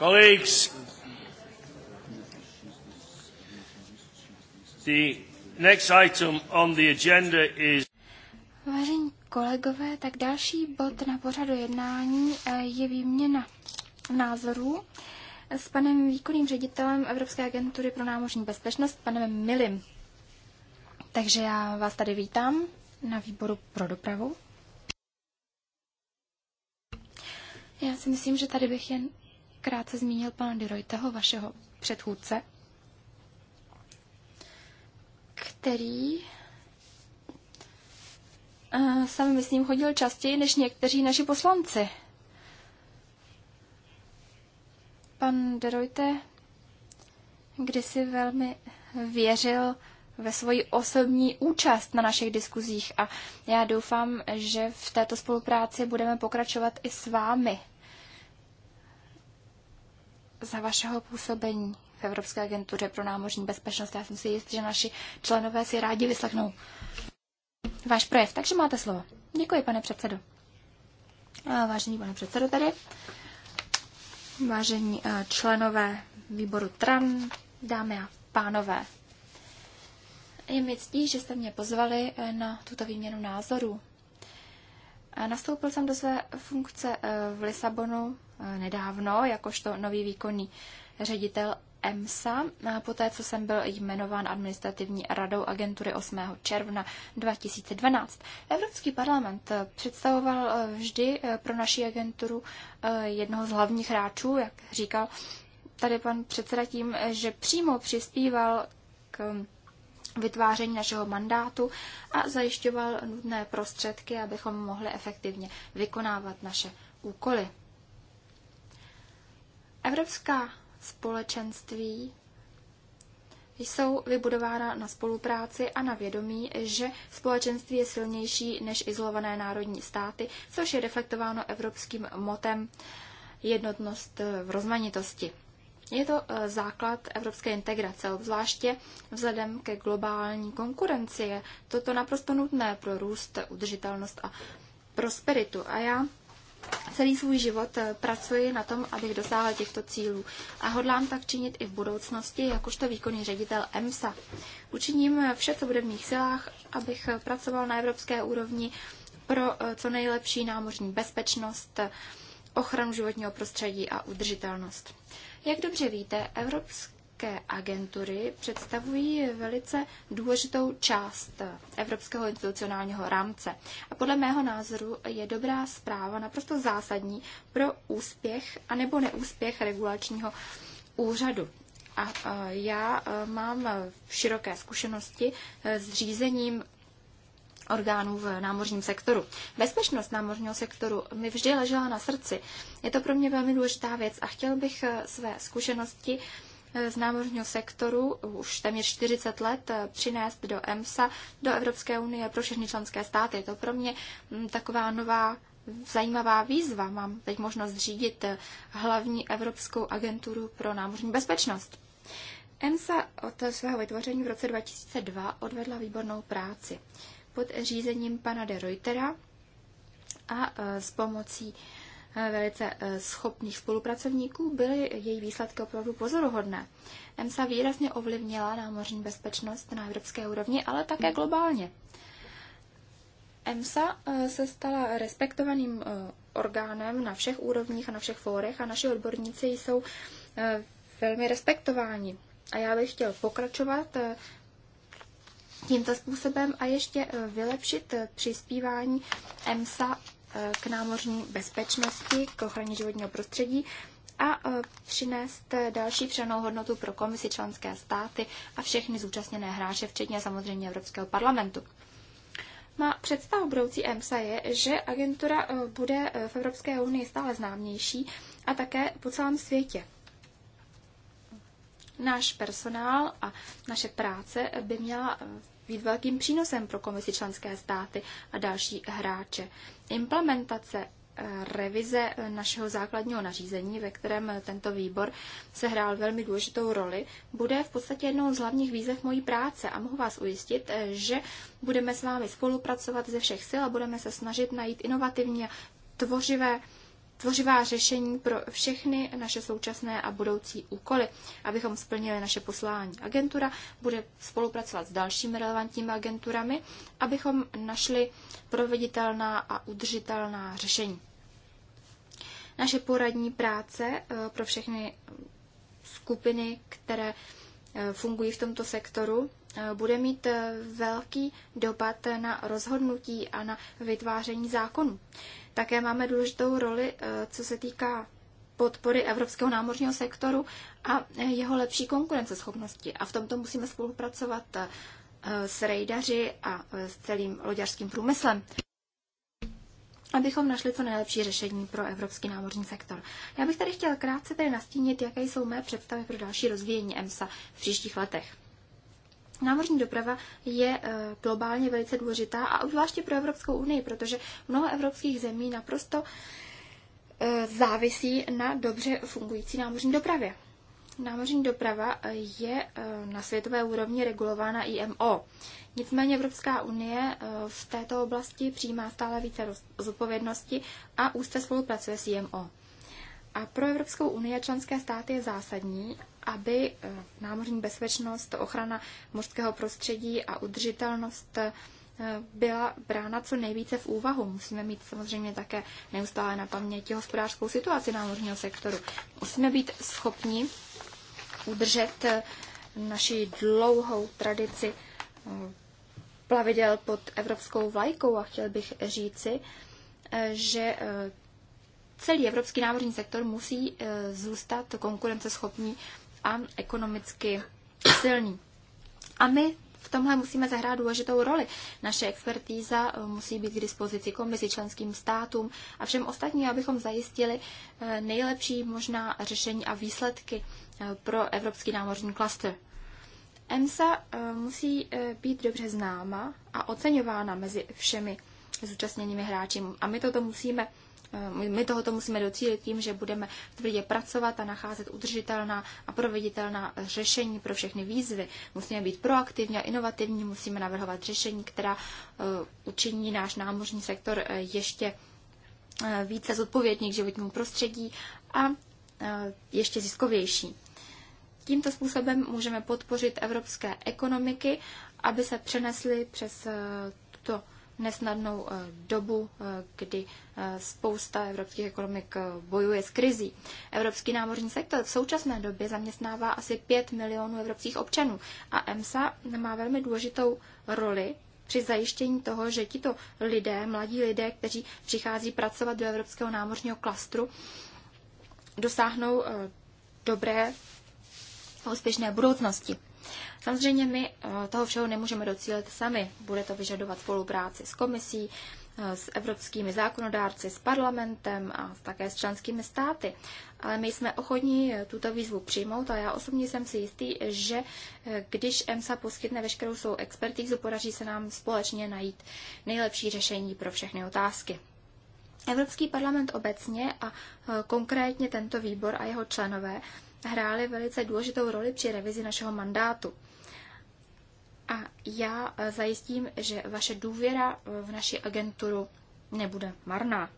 Colleagues, the next item on the agenda is... Vážení kolegové, tak další bod na pořadu jednání eh, je výměna názorů s panem výkonným ředitelem Evropské agentury pro námořní bezpečnost, panem Milim. Takže já vás tady vítám na výboru pro dopravu. Já si myslím, že tady bych jen krátce zmínil pan Dirojteho, vašeho předchůdce, který uh, eh, sami myslím chodil častěji než někteří naši poslanci. Pan Derojte kdysi velmi věřil ve svoji osobní účast na našich diskuzích a já doufám, že v této spolupráci budeme pokračovat i s vámi za vašeho působení v Evropské agentuře pro námořní bezpečnost. Já jsem si jist, že naši členové si rádi vyslechnou váš projev, takže máte slovo. Děkuji, pane předsedo. A vážený pane předsedo tady, vážení eh, členové výboru TRAN, dámy a pánové. Je mi ctí, že jste mě pozvali eh, na tuto výměnu názorů. Nastoupil jsem do své funkce eh, v Lisabonu nedávno, jakožto nový výkonný ředitel EMSA, poté co jsem byl jmenován administrativní radou agentury 8. června 2012. Evropský parlament eh, představoval eh, vždy eh, pro naši agenturu jednoho z hlavních hráčů, jak říkal tady pan předseda tím, že přímo přispíval k vytváření našeho mandátu a zajišťoval nutné prostředky, abychom mohli efektivně vykonávat naše úkoly. Evropská společenství jsou vybudována na spolupráci a na vědomí, že společenství je silnější než izolované národní státy, což je reflektováno evropským motem jednotnost eh, v rozmanitosti. Je to eh, základ evropské integrace, obzvláště vzhledem ke globální konkurenci. Je toto naprosto nutné pro růst, udržitelnost a prosperitu. A já Celý svůj život eh, pracuji na tom, abych dosáhla těchto cílů a hodlám tak činit i v budoucnosti jakožto výkonný ředitel EMSA. Učiním eh, vše, co bude v mých silách, abych eh, pracoval na evropské úrovni pro co nejlepší námořní bezpečnost, ochranu životního prostředí a udržitelnost. Jak dobře víte, Evropský evropské agentury představují velice důležitou část evropského institucionálního rámce. A podle mého názoru je dobrá zpráva naprosto zásadní pro úspěch anebo neúspěch regulačního úřadu. A já e, mám široké zkušenosti e, s řízením orgánů v námořním sektoru. Bezpečnost námořního sektoru mi vždy ležela na srdci. Je to pro mě velmi důležitá věc a chtěl bych e, své zkušenosti z námořního sektoru už téměř 40 let eh, přinést do EMSA, do Evropské unie pro všechny členské státy. Je to pro mě mm, taková nová zajímavá výzva. Mám teď možnost řídit eh, hlavní Evropskou agenturu pro námořní bezpečnost. EMSA od svého vytvoření v roce 2002 odvedla výbornou práci pod řízením pana de Reutera a eh, s pomocí Eh, velice eh, schopných spolupracovníků, byly její výsledky opravdu pozoruhodné. EMSA výrazně ovlivnila námořní bezpečnost na evropské úrovni, ale také globálně. EMSA eh, se stala respektovaným orgánem na všech úrovních a na všech fórech a naši odborníci jsou velmi respektováni. A já bych chtěl pokračovat tímto způsobem a ještě vylepšit přispívání EMSA k námořní bezpečnosti, k ochraně životního prostředí a e, přinést další přenou hodnotu pro komisi členské státy a všechny zúčastněné hráče, včetně samozřejmě Evropského parlamentu. Má představu budoucí EMSA je, že agentura e, bude e, v Evropské unii stále známější a také po celém světě. Náš personál a naše práce by měla být velkým přínosem pro komisi členské státy a další hráče. Implementace eh, revize eh, našeho základního nařízení, ve kterém eh, tento výbor se hrál velmi důležitou roli, bude v podstatě jednou z hlavních výzev mojí práce a mohu vás ujistit, že budeme s vámi spolupracovat ze všech sil a budeme se snažit najít inovativní a tvořivé tvořivá řešení pro všechny naše současné a budoucí úkoly, abychom splnili naše poslání. Agentura bude spolupracovat s dalšími relevantními agenturami, abychom našli proveditelná a udržitelná řešení. Naše poradní práce eh, pro všechny skupiny, které eh, fungují v tomto sektoru, eh, bude mít velký dopad na rozhodnutí a na vytváření zákonů. Také máme důležitou roli, eh, co se týká podpory evropského námořního sektoru a eh, jeho lepší konkurenceschopnosti. A v tomto musíme spolupracovat eh, s rejdaři a s celým loďařským průmyslem abychom našli co nejlepší řešení pro evropský námořní sektor. Já bych tady chtěla krátce tedy nastínit, jaké jsou mé představy pro další rozvíjení EMSA v příštích letech. Námořní doprava je eh, globálně velice důležitá a obzvláště pro Evropskou unii, protože mnoho evropských zemí naprosto eh, závisí na dobře fungující námořní dopravě. Námořní doprava eh, je na světové úrovni regulována IMO. Nicméně Evropská unie v této oblasti přijímá stále více zodpovědnosti a úzce spolupracuje s IMO. A pro Evropskou unii a členské státy je zásadní, aby eh, námořní bezpečnost, ochrana mořského prostředí a udržitelnost eh, byla brána co nejvíce v úvahu. Musíme mít samozřejmě také neustále na paměti hospodářskou situaci námořního sektoru. Musíme být schopni udržet eh, naši dlouhou tradici plavidel pod evropskou vlajkou a chtěl bych říci, že celý evropský námořní sektor musí e, zůstat konkurenceschopný a ekonomicky silný. A my v tomhle musíme zahrát důležitou roli. Naše expertíza e, musí být k dispozici komisi, členským státům a všem ostatním, abychom zajistili e, nejlepší možná řešení a výsledky pro Evropský námořní klaster. EMSA musí být dobře známa a oceňována mezi všemi zúčastněnými hráči. A my toto musíme Eh, my tohoto musíme docílit tím, že budeme tvrdě pracovat a nacházet udržitelná a proveditelná řešení pro všechny výzvy. Musíme být proaktivní a inovativní, musíme navrhovat řešení, která eh, učiní náš námořní sektor eh, ještě více zodpovědný k životnímu prostředí a ještě ziskovější. Tímto způsobem můžeme podpořit evropské ekonomiky, aby se přenesly přes tuto nesnadnou eh, dobu, eh, kdy eh, spousta evropských ekonomik bojuje s krizí. Evropský námořní sektor v současné době zaměstnává asi 5 milionů evropských občanů a EMSA má velmi důležitou roli při zajištění toho, že tito lidé, mladí lidé, kteří přichází pracovat do Evropského námořního klastru, dosáhnou dobré a úspěšné budoucnosti. Samozřejmě my eh, toho všeho nemůžeme docílit sami. Bude to vyžadovat spolupráci s komisí, eh, s evropskými zákonodárci, s parlamentem a také s členskými státy. Ale my jsme ochotní eh, tuto výzvu přijmout a já osobně jsem si jistý, že když EMSA poskytne veškerou svou expertizu, podaří se nám společně najít nejlepší řešení pro všechny otázky. Evropský parlament obecně a konkrétně tento výbor a jeho členové hrály velice důležitou roli při revizi našeho mandátu. A já eh, zajistím, že vaše důvěra eh, v naši agenturu nebude marná.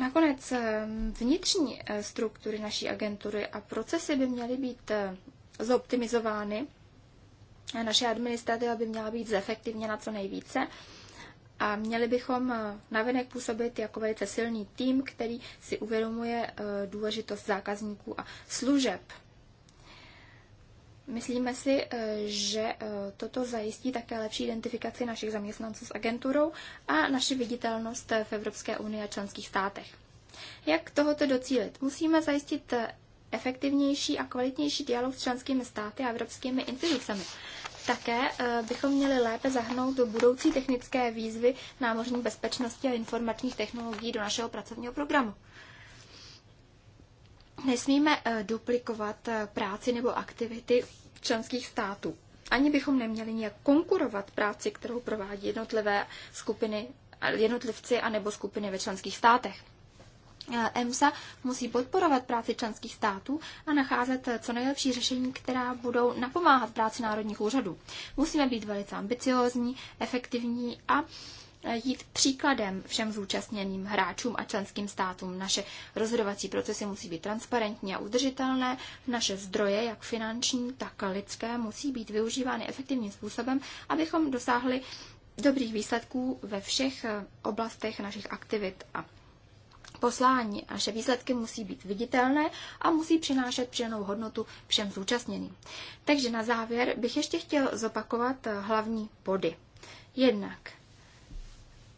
nakonec eh, vnitřní struktury naší agentury a procesy by měly být zoptimizovány. Naše administrativa by měla být zefektivněna co nejvíce a měli bychom eh, navenek působit jako velice silný tým, který si uvědomuje eh, důležitost zákazníků a služeb. Myslíme si, eh, že toto zajistí také lepší identifikaci našich zaměstnanců s agenturou a naši viditelnost v Evropské unii a členských státech. Jak tohoto docílit? Musíme zajistit efektivnější a kvalitnější dialog s členskými státy a evropskými institucemi. Také eh, bychom měli lépe zahrnout do budoucí technické výzvy námořní bezpečnosti a informačních technologií do našeho pracovního programu. Nesmíme eh, duplikovat eh, práci nebo aktivity členských států. Ani bychom neměli nějak konkurovat práci, kterou provádí jednotlivé skupiny, jednotlivci a nebo skupiny ve členských státech. EMSA musí podporovat práci členských států a nacházet co nejlepší řešení, která budou napomáhat práci národních úřadů. Musíme být velice ambiciózní, efektivní a jít příkladem všem zúčastněným hráčům a členským státům. Naše rozhodovací procesy musí být transparentní a udržitelné, naše zdroje, jak finanční, tak lidské, musí být využívány efektivním způsobem, abychom dosáhli dobrých výsledků ve všech eh, oblastech našich aktivit a poslání a že výsledky musí být viditelné a musí přinášet přidanou hodnotu všem zúčastněným. Takže na závěr bych ještě chtěl zopakovat eh, hlavní body. Jednak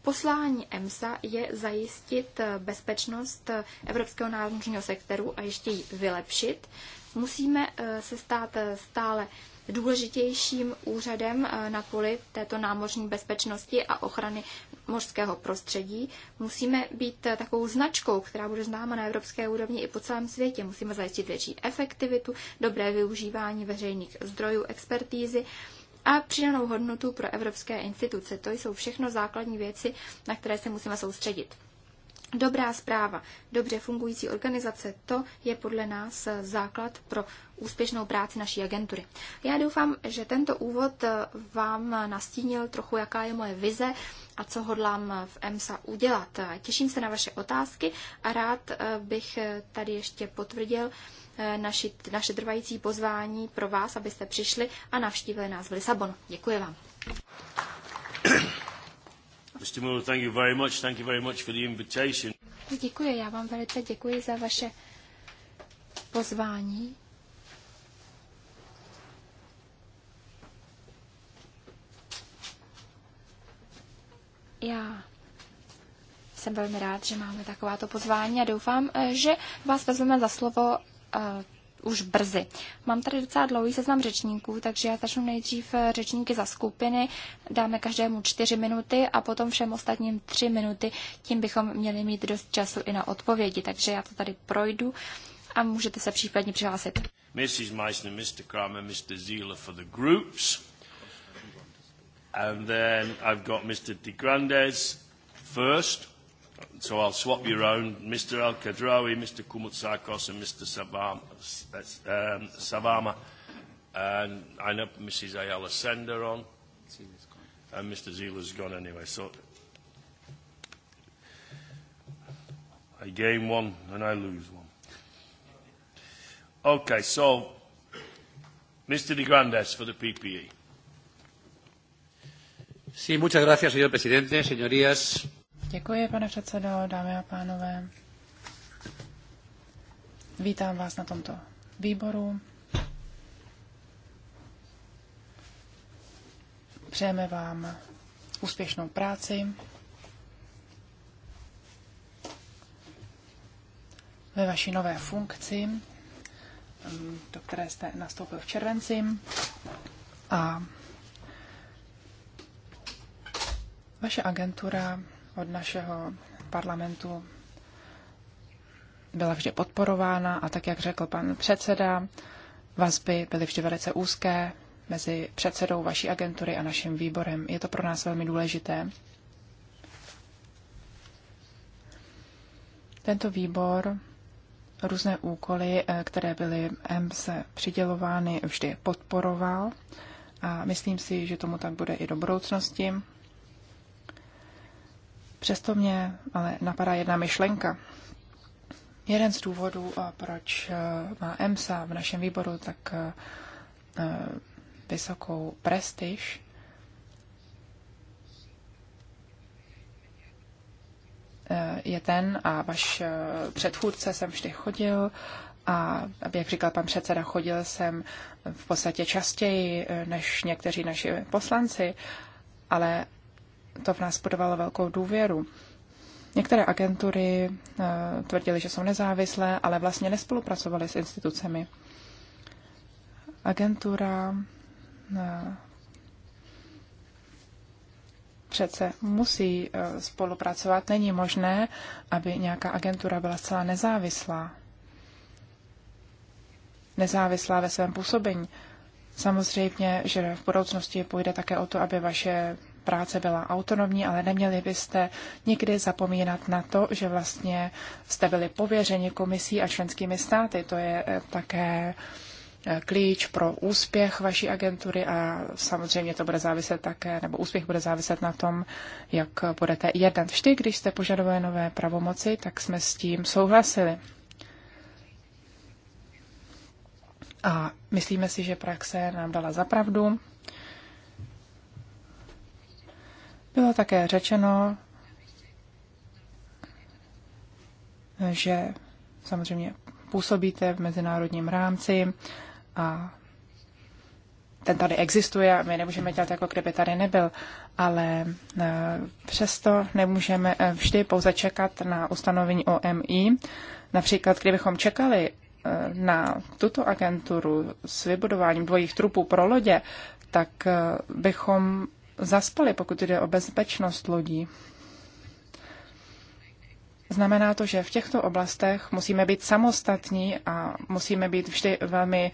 Poslání EMSA je zajistit eh, bezpečnost eh, evropského náročního sektoru a ještě ji vylepšit. Musíme se stát stále důležitějším úřadem na poli této námořní bezpečnosti a ochrany mořského prostředí, musíme být takovou značkou, která bude známa na evropské úrovni i po celém světě. Musíme zajistit větší efektivitu, dobré využívání veřejných zdrojů, expertízy a přidanou hodnotu pro evropské instituce. To jsou všechno základní věci, na které se musíme soustředit. Dobrá zpráva, dobře fungující organizace, to je podle nás základ pro úspěšnou práci naší agentury. Já doufám, že tento úvod vám nastínil trochu, jaká je moje vize a co hodlám v EMSA udělat. Těším se na vaše otázky a rád eh, bych eh, tady ještě potvrdil eh, naši, naše trvající pozvání pro vás, abyste přišli a navštívili nás v Lisabonu. Děkuji vám. [COUGHS] thank you very much. Thank you very much for the invitation. Děkuji, já vám velice děkuji za vaše pozvání. Já jsem velmi rád, že máme takováto pozvání a doufám, eh, že vás vezmeme za slovo uh, už brzy. Mám tady docela dlouhý seznam řečníků, takže já začnu nejdřív eh, řečníky za skupiny, dáme každému čtyři minuty a potom všem ostatním tři minuty, tím bychom měli mít dost času i na odpovědi, takže já to tady projdu a můžete se případně přihlásit. Mrs. Meissner, Mr. Kramer, Mr. Zila for the groups. And then I've got Mr. De Grandes first. So I'll swap you around. Mr. El Kadrawi, Mr. Kumutsakos, and Mr. Savama. Um, Savama. And I know Mrs. Ayala Sender on. And Mr. Zeeler's gone anyway. So I gain one and I lose one. Okay, so Mr. De Grandes for the PPE. Děkuji, pane předsedo, dámy a pánové. Vítám vás na tomto výboru. Přejeme vám úspěšnou práci. Ve vaší nové funkci, do které jste nastoupil v červenci. A Vaše agentura od našeho parlamentu byla vždy podporována a tak, jak řekl pan předseda, vazby byly vždy velice úzké mezi předsedou vaší agentury a naším výborem. Je to pro nás velmi důležité. Tento výbor různé úkoly, eh, které byly MC e přidělovány, vždy podporoval a myslím si, že tomu tak bude i do budoucnosti. Přesto mě ale napadá jedna myšlenka. Jeden z důvodů, eh, proč eh, má EMSA v našem výboru tak eh, vysokou prestiž, je ten a vaš předchůdce jsem vždy chodil a jak říkal pan předseda, chodil jsem v podstatě častěji než někteří naši poslanci, ale to v nás budovalo velkou důvěru. Některé agentury eh, tvrdily, že jsou nezávislé, ale vlastně nespolupracovaly s institucemi. Agentura eh, přece musí eh, spolupracovat. Není možné, aby nějaká agentura byla zcela nezávislá. Nezávislá ve svém působení. Samozřejmě, že v budoucnosti půjde také o to, aby vaše práce byla autonomní, ale neměli byste nikdy zapomínat na to, že vlastně jste byli pověřeni komisí a členskými státy. To je eh, také eh, klíč pro úspěch vaší agentury a samozřejmě to bude záviset také, nebo úspěch bude záviset na tom, jak budete jednat. Vždy, když jste požadovali nové pravomoci, tak jsme s tím souhlasili. A myslíme si, že praxe nám dala zapravdu. Bylo také řečeno, že samozřejmě působíte v mezinárodním rámci a ten tady existuje a my nemůžeme dělat jako kdyby tady nebyl, ale eh, přesto nemůžeme eh, vždy pouze čekat na ustanovení OMI. Například, kdybychom čekali eh, na tuto agenturu s vybudováním dvojích trupů pro lodě, tak bychom zaspali, pokud jde o bezpečnost lodí. Znamená to, že v těchto oblastech musíme být samostatní a musíme být vždy velmi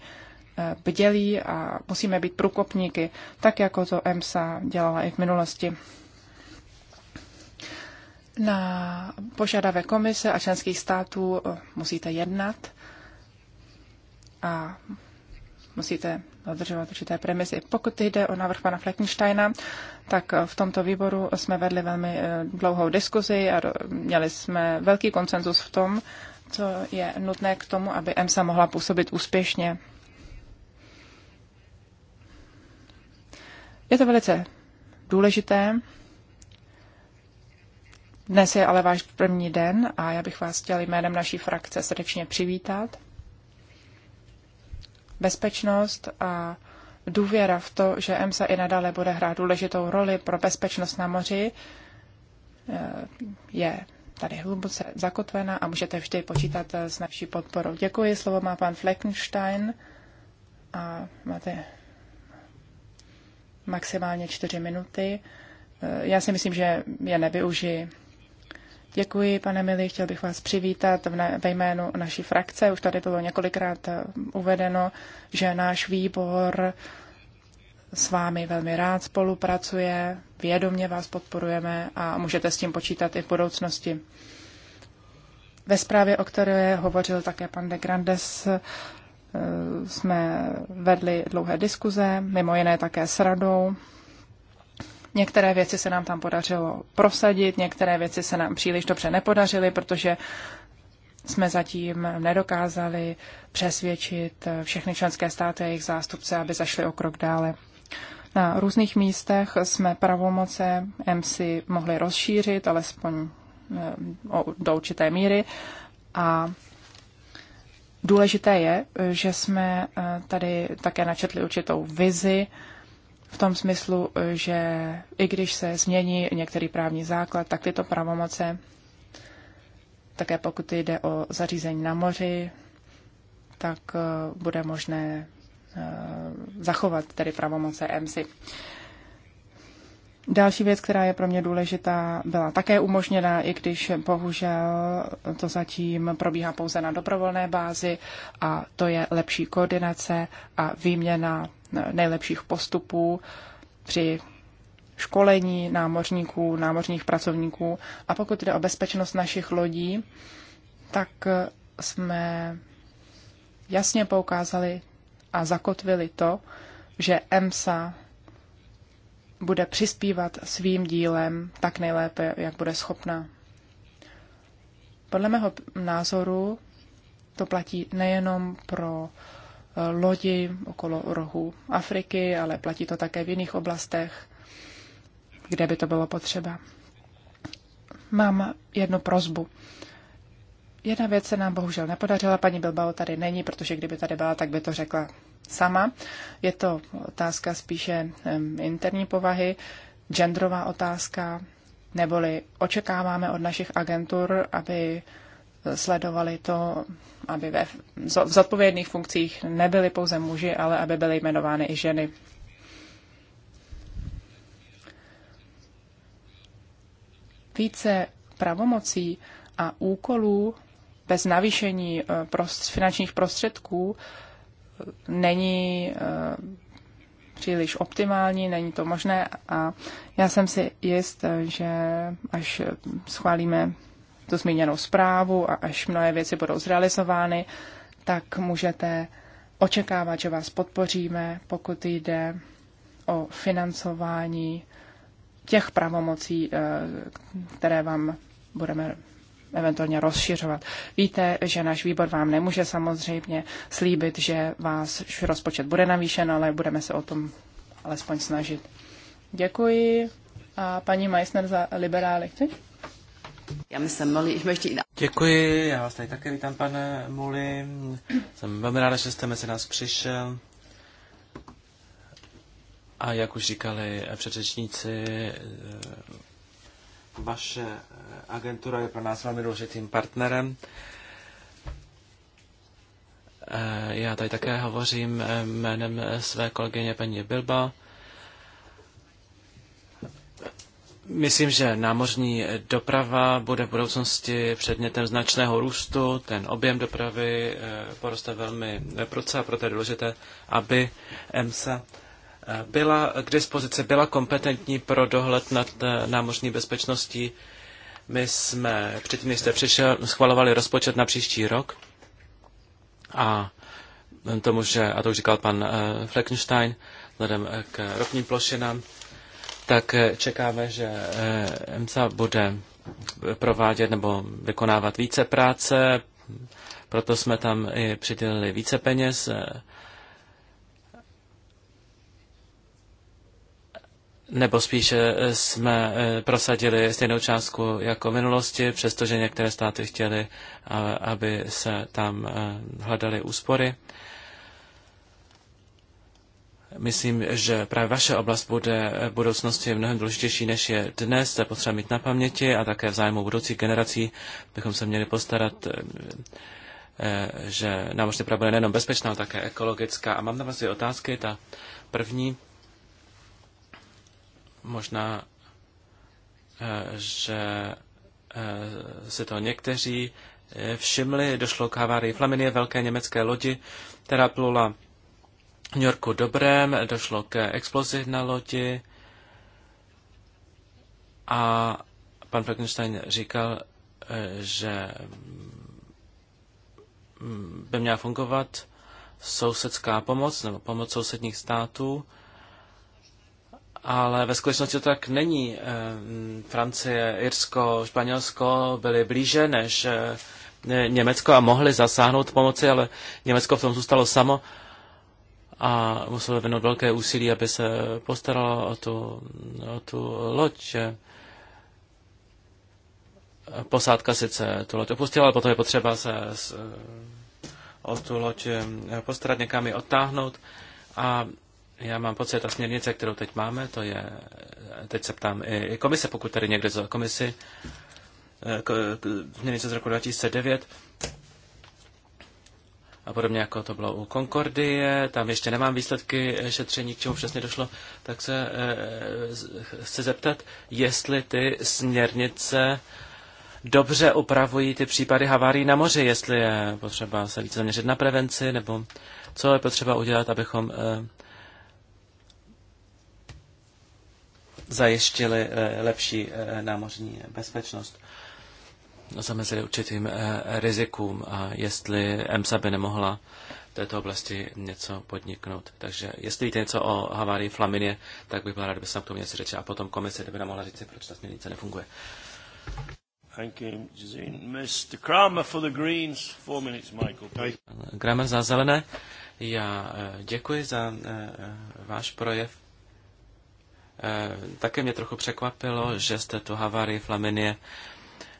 eh, bdělí a musíme být průkopníky, tak jako to EMSA dělala i v minulosti. Na požadavek komise a členských států eh, musíte jednat a musíte dodržovat určité premisy. Pokud jde o návrh pana Fleckensteina, tak v tomto výboru jsme vedli velmi eh, dlouhou diskuzi a měli jsme velký konsenzus v tom, co je nutné k tomu, aby EMSA mohla působit úspěšně. Je to velice důležité. Dnes je ale váš první den a já bych vás chtěl jménem naší frakce srdečně přivítat bezpečnost a důvěra v to, že EMSA i nadále bude hrát důležitou roli pro bezpečnost na moři, eh, je tady hluboce zakotvena a můžete vždy počítat eh, s naší podporou. Děkuji, slovo má pan Fleckenstein a máte maximálně čtyři minuty. Eh, já si myslím, že je nevyužiji. Děkuji, pane Mili, chtěl bych vás přivítat ve jménu naší frakce. Už tady bylo několikrát eh, uvedeno, že náš výbor s vámi velmi rád spolupracuje, vědomě vás podporujeme a můžete s tím počítat i v budoucnosti. Ve zprávě, o které hovořil také pan de Grandes, eh, jsme vedli dlouhé diskuze, mimo jiné také s radou Některé věci se nám tam podařilo prosadit, některé věci se nám příliš dobře nepodařily, protože jsme zatím nedokázali přesvědčit všechny členské státy a jejich zástupce, aby zašli o krok dále. Na různých místech jsme pravomoce MC mohli rozšířit, alespoň eh, do určité míry. A důležité je, že jsme eh, tady také načetli určitou vizi v tom smyslu, že i když se změní některý právní základ, tak tyto pravomoce, také pokud jde o zařízení na moři, tak eh, bude možné eh, zachovat tedy pravomoce EMSI. Další věc, která je pro mě důležitá, byla také umožněna, i když bohužel to zatím probíhá pouze na dobrovolné bázi, a to je lepší koordinace a výměna nejlepších postupů při školení námořníků, námořních pracovníků. A pokud jde o bezpečnost našich lodí, tak jsme jasně poukázali a zakotvili to, že EMSA bude přispívat svým dílem tak nejlépe, jak bude schopna. Podle mého názoru to platí nejenom pro eh, lodi okolo rohu Afriky, ale platí to také v jiných oblastech, kde by to bylo potřeba. Mám jednu prozbu. Jedna věc se nám bohužel nepodařila, paní Bilbao tady není, protože kdyby tady byla, tak by to řekla sama. Je to otázka spíše interní povahy, genderová otázka, neboli očekáváme od našich agentur, aby eh, sledovali to, aby ve, v zodpovědných funkcích nebyli pouze muži, ale aby byly jmenovány i ženy. Více pravomocí a úkolů bez navýšení eh, prost, finančních prostředků není eh, příliš optimální, není to možné a já jsem si jist, že až schválíme tu zmíněnou zprávu a až mnohé věci budou zrealizovány, tak můžete očekávat, že vás podpoříme, pokud jde o financování těch pravomocí, eh, které vám budeme eventuálně rozšiřovat. Víte, že náš výbor vám nemůže samozřejmě slíbit, že vás rozpočet bude navýšen, ale budeme se o tom alespoň snažit. Děkuji. A paní Meissner za liberály, chci? Já myslím, Moli, ich möchte Ihnen... Děkuji, já vás tady také vítám, pane Moli. Jsem velmi ráda, že jste mezi nás přišel. A jak už říkali předřečníci, vaše eh, agentura je pro nás velmi důležitým partnerem. Eh, já tady také hovořím eh, jménem své kolegyně paní Bilba. Myslím, že námořní doprava bude v budoucnosti předmětem značného růstu. Ten objem dopravy poroste velmi proce a proto je důležité, aby EMSA byla k dispozici, byla kompetentní pro dohled nad eh, námořní bezpečností. My jsme, předtím než jste přišel, schvalovali rozpočet na příští rok a tomu, že, a to už říkal pan eh, Fleckenstein, vzhledem eh, k ropním plošinám, tak čekáme, že EMSA bude provádět nebo vykonávat více práce, proto jsme tam i přidělili více peněz nebo spíše eh, jsme eh, prosadili stejnou částku jako v minulosti, přestože některé státy chtěly, aby se tam eh, hledaly úspory. Myslím, že právě vaše oblast bude v budoucnosti mnohem důležitější, než je dnes. To je potřeba mít na paměti a také v zájmu budoucích generací bychom se měli postarat, že námořní doprava bude nejenom bezpečná, ale také ekologická. A mám na vás dvě otázky. Ta první Možná, eh, že eh, si to někteří eh, všimli, došlo k havárii Flaminie, velké německé lodi, která plula v New Yorku dobrém, došlo k explozi na lodi a pan Frankenstein říkal, že mm, by měla fungovat sousedská pomoc nebo pomoc sousedních států ale ve skutečnosti to tak není. Eh, Francie, Irsko, Španělsko byly blíže než eh, Německo a mohli zasáhnout pomoci, ale Německo v tom zůstalo samo a muselo vynout velké úsilí, aby se postaralo o tu, o tu loď. Posádka sice tu loď opustila, ale potom je potřeba se eh, o tu loď postarat, někam ji odtáhnout. A já mám pocit, ta směrnice, kterou teď máme, to je, teď se ptám i komise, pokud tady někde z komisi, eh, směrnice z roku 2009, a podobně jako to bylo u Concordie, tam ještě nemám výsledky šetření, k čemu přesně došlo, tak se e, chci zeptat, jestli ty směrnice dobře upravují ty případy havárií na moři, jestli je potřeba se více zaměřit na prevenci, nebo co je potřeba udělat, abychom e, zajištili eh, lepší eh, námořní bezpečnost zamezili určitým eh, rizikům a jestli EMSA by nemohla v této oblasti něco podniknout. Takže jestli víte něco o havárii Flaminie, tak bych byl rád, kdyby se k tomu něco řekl a potom komise kdyby nám mohla říct, proč ta směrnice nefunguje. Thank you, Mr. Kramer for the Greens. Four minutes, Michael. Kramer za zelené. Já děkuji za váš projev. Eh, také mě trochu překvapilo, že jste tu havárii Flaminie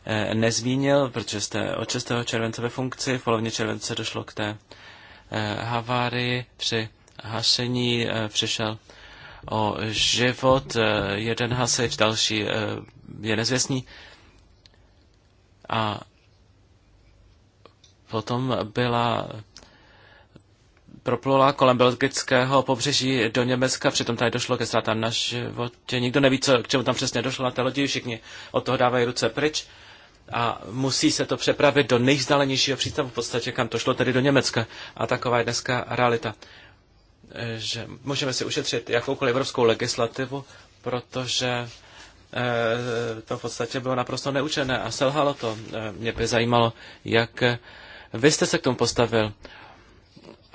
eh, nezmínil, protože jste od 6. července ve funkci, v polovině července došlo k té eh, havárii při hašení, přišel o život jeden hasič, další je nezvěstný. A potom byla proplula kolem belgického pobřeží do Německa, přitom tady došlo ke ztrátám na životě. Nikdo neví, co, k čemu tam přesně došlo na té lodi, všichni od toho dávají ruce pryč a musí se to přepravit do nejvzdálenějšího přístavu, v podstatě kam to šlo, tedy do Německa. A taková je dneska realita. Že můžeme si ušetřit jakoukoliv evropskou legislativu, protože eh, to v podstatě bylo naprosto neučené a selhalo to. Eh, mě by zajímalo, jak eh, vy jste se k tomu postavil.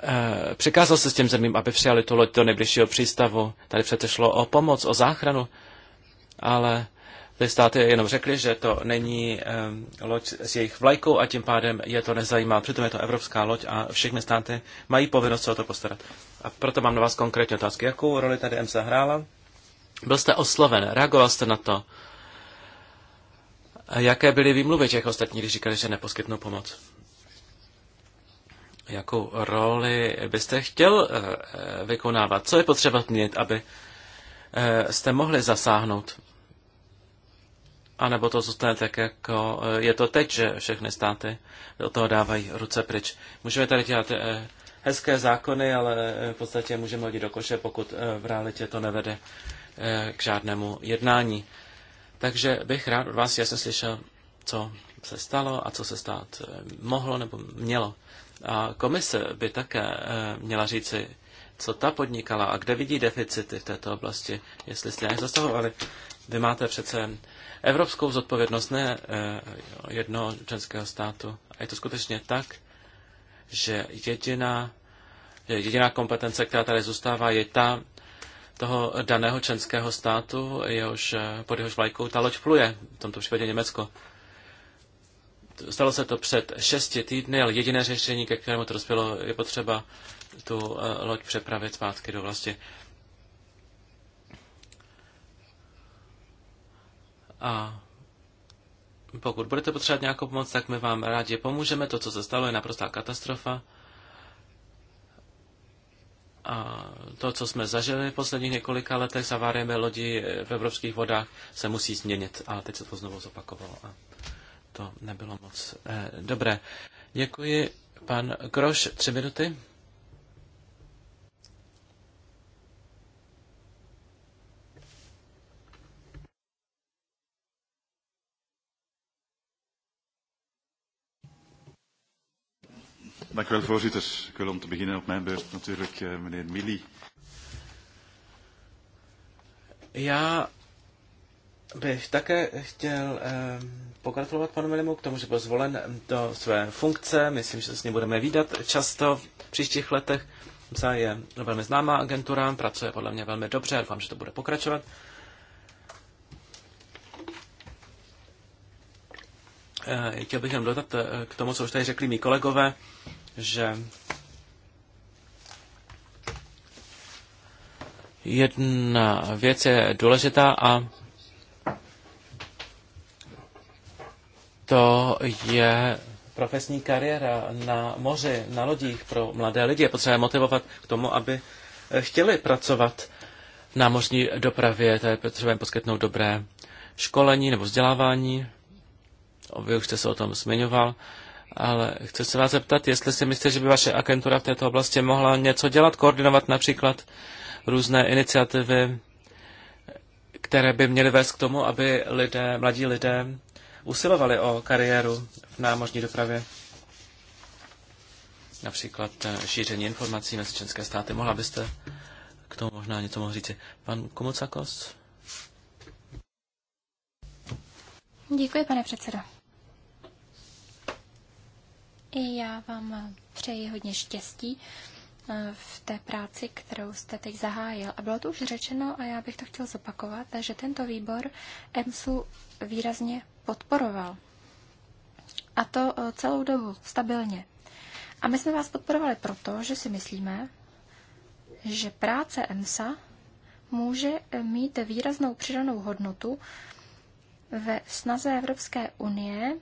Eh, přikázal se s těm zemím, aby přijali tu loď do nejbližšího přístavu. Tady přece šlo o pomoc, o záchranu, ale ty státy jenom řekly, že to není um, loď s jejich vlajkou a tím pádem je to nezajímá. Přitom je to evropská loď a všechny státy mají povinnost se o to postarat. A proto mám na vás konkrétní otázky. Jakou roli tady EMSA hrála? Byl jste osloven, reagoval jste na to. A jaké byly výmluvy těch ostatních, když říkali, že neposkytnou pomoc? jakou roli byste chtěl eh, vykonávat? Co je potřeba změnit, aby eh, jste mohli zasáhnout? A nebo to zůstane tak, jako eh, je to teď, že všechny státy do toho dávají ruce pryč. Můžeme tady dělat hezké zákony, ale v podstatě můžeme hodit do koše, pokud v realitě to nevede k žádnému jednání. Takže bych rád od vás jasně slyšel, co se stalo a co se stát mohlo nebo mělo a komise by také eh, měla říci, co ta podnikala a kde vidí deficity v této oblasti, jestli jste nějak zastavovali. Vy máte přece evropskou zodpovědnost, ne eh, jednoho členského státu. A je to skutečně tak, že jediná, jediná kompetence, která tady zůstává, je ta toho daného členského státu, jehož, pod jehož vlajkou ta loď pluje, v tomto případě Německo. Stalo se to před šesti týdny, ale jediné řešení, ke kterému to dospělo, je potřeba tu eh, loď přepravit zpátky do vlasti. A pokud budete potřebovat nějakou pomoc, tak my vám rádi pomůžeme. To, co se stalo, je naprostá katastrofa. A to, co jsme zažili v posledních několika letech s aváriemi lodí v evropských vodách, se musí změnit. A teď se to znovu zopakovalo. A to nebylo moc eh, dobré. Děkuji. Pan Kroš, tři minuty. Dank u wel, voorzitter. Ik wil om te beginnen op mijn beurt natuurlijk uh, meneer Mili. Ja, bych také chtěl uh, pogratulovat panu Milimu k tomu, že byl zvolen do své funkce. Myslím, že se s ním budeme výdat často v příštích letech. MSA je velmi známá agentura, pracuje podle mě velmi dobře a doufám, že to bude pokračovat. Eh, chtěl bych jenom dodat eh, k tomu, co už tady řekli mý kolegové, že jedna věc je důležitá a to je profesní kariéra na moři, na lodích pro mladé lidi. Je potřeba motivovat k tomu, aby eh, chtěli pracovat v námořní dopravě. To je potřeba jim poskytnout dobré školení nebo vzdělávání. Vy už jste se o tom zmiňoval. Ale chci se vás zeptat, jestli si myslíte, že by vaše agentura v této oblasti mohla něco dělat, koordinovat například různé iniciativy, které by měly vést k tomu, aby lidé, mladí lidé usilovali o kariéru v námořní dopravě. Například eh, šíření informací mezi české státy. Mohla byste k tomu možná něco mohl říct. Pan Komocakos? Děkuji, pane předsedo. I já vám přeji hodně štěstí eh, v té práci, kterou jste teď zahájil. A bylo to už řečeno a já bych to chtěl zopakovat, že tento výbor EMSu výrazně podporoval. A to e, celou dobu, stabilně. A my jsme vás podporovali proto, že si myslíme, že práce EMSA může mít výraznou přidanou hodnotu ve snaze Evropské unie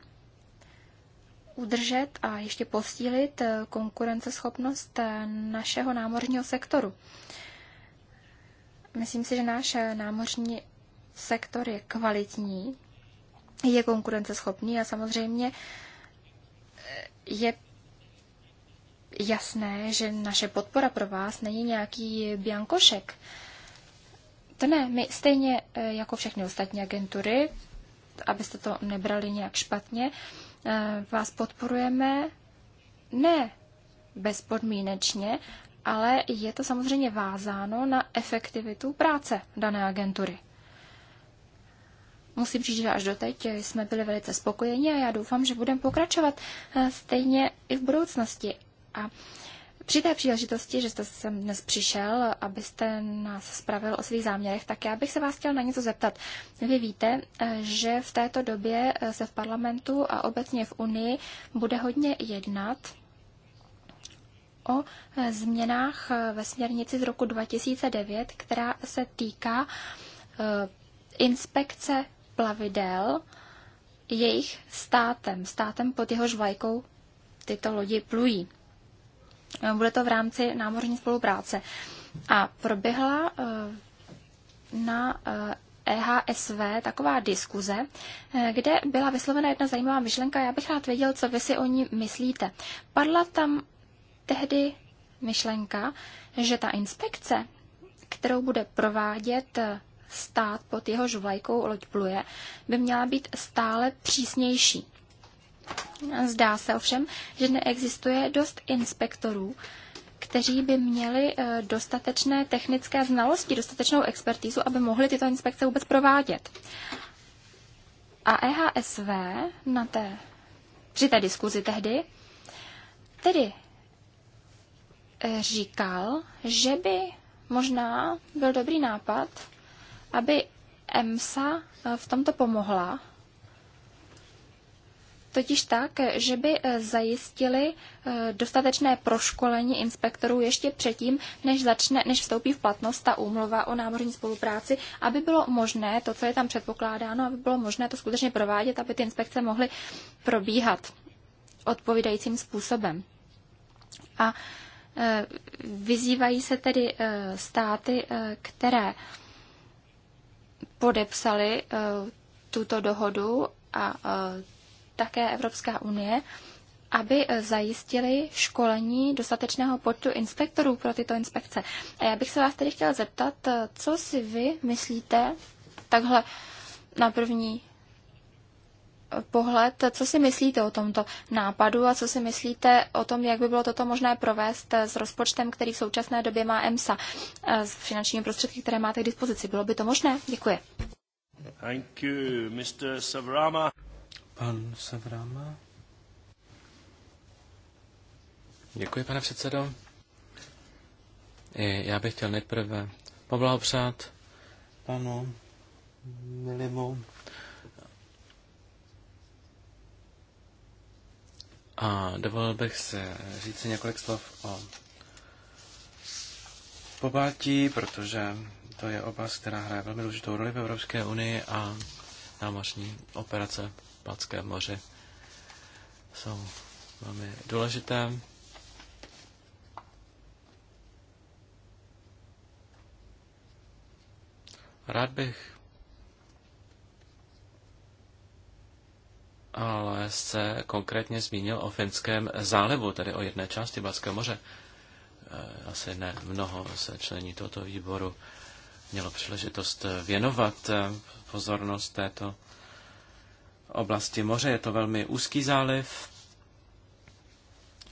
udržet a ještě posílit e, konkurenceschopnost e, našeho námořního sektoru. Myslím si, že náš námořní sektor je kvalitní je konkurenceschopný a samozřejmě eh, je jasné, že naše podpora pro vás není nějaký biankošek. To ne, my stejně eh, jako všechny ostatní agentury, abyste to nebrali nějak špatně, eh, vás podporujeme ne bezpodmínečně, ale je to samozřejmě vázáno na efektivitu práce dané agentury. Musím říct, že až doteď jsme byli velice spokojeni a já doufám, že budeme pokračovat eh, stejně i v budoucnosti. A při té příležitosti, že jste sem dnes přišel, abyste nás spravil o svých záměrech, tak já bych se vás chtěl na něco zeptat. Vy víte, eh, že v této době eh, se v parlamentu a obecně v Unii bude hodně jednat o změnách ve směrnici z roku 2009, která se týká inspekce plavidel jejich státem, státem pod jehož vlajkou tyto lodi plují. Bude to v rámci námořní spolupráce. A proběhla eh, na EHSV e taková diskuze, eh, kde byla vyslovena jedna zajímavá myšlenka. Já bych rád věděl, co vy si o ní myslíte. Padla tam tehdy myšlenka, že ta inspekce, kterou bude provádět eh, stát pod jehož vlajkou loď pluje, by měla být stále přísnější. Zdá se ovšem, že neexistuje dost inspektorů, kteří by měli eh, dostatečné technické znalosti, dostatečnou expertízu, aby mohli tyto inspekce vůbec provádět. A EHSV na té, při té diskuzi tehdy tedy eh, říkal, že by možná byl dobrý nápad aby EMSA eh, v tomto pomohla, totiž tak, že by eh, zajistili eh, dostatečné proškolení inspektorů ještě předtím, než, začne, než vstoupí v platnost ta úmluva o námořní spolupráci, aby bylo možné to, co je tam předpokládáno, aby bylo možné to skutečně provádět, aby ty inspekce mohly probíhat odpovídajícím způsobem. A vyzývají se tedy státy, které podepsali eh, tuto dohodu a eh, také Evropská unie, aby eh, zajistili školení dostatečného počtu inspektorů pro tyto inspekce. A já bych se vás tedy chtěla zeptat, co si vy myslíte takhle na první pohled. Co si myslíte o tomto nápadu a co si myslíte o tom, jak by bylo toto možné provést eh, s rozpočtem, který v současné době má EMSA, eh, s finančními prostředky, které máte k dispozici? Bylo by to možné? Děkuji. Thank you, Mr. Savrama. Pan Savrama. Děkuji, pane předsedo. I já bych chtěl nejprve poblahopřát panu Milimu A dovolil bych se říct si několik slov o Pobaltí, protože to je oblast, která hraje velmi důležitou roli v Evropské unii a námořní operace v Balckém moři jsou velmi důležité. Rád bych ale se konkrétně zmínil o finském zálivu, tedy o jedné části Balského moře. E, asi ne mnoho se člení tohoto výboru mělo příležitost věnovat e, pozornost této oblasti moře. Je to velmi úzký záliv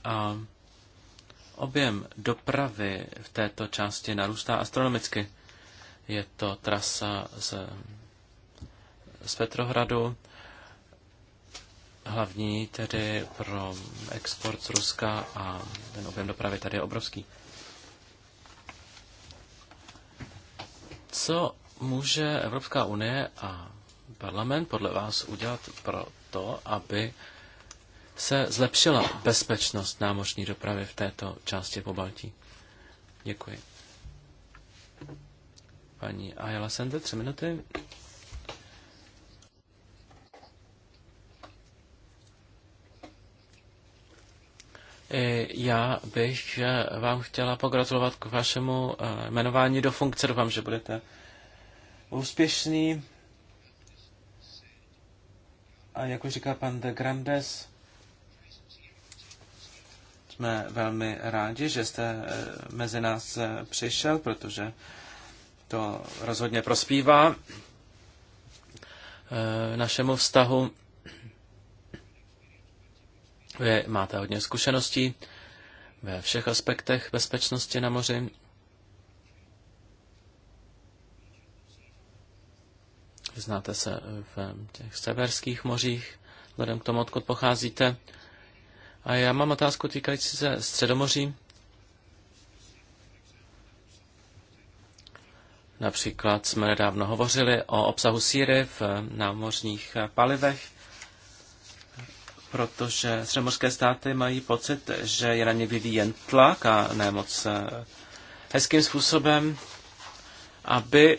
a objem dopravy v této části narůstá astronomicky. Je to trasa z, z Petrohradu hlavní tedy pro export z Ruska a ten objem dopravy tady je obrovský. Co může Evropská unie a parlament podle vás udělat pro to, aby se zlepšila bezpečnost námořní dopravy v této části po Baltí? Děkuji. Paní Ayala Sende, tři minuty. E, já bych e, vám chtěla pogratulovat k vašemu e, jmenování do funkce. Doufám, že budete úspěšný. A jak už říká pan de Grandes, jsme velmi rádi, že jste mezi nás přišel, protože to rozhodně prospívá našemu vztahu vy máte hodně zkušeností ve všech aspektech bezpečnosti na moři. Znáte se v těch severských mořích, vzhledem k tomu, odkud pocházíte. A já mám otázku týkající se Středomoří. Například jsme nedávno hovořili o obsahu síry v námořních palivech protože středomorské státy mají pocit, že je na ně vyvíjen tlak a ne moc eh, hezkým způsobem, aby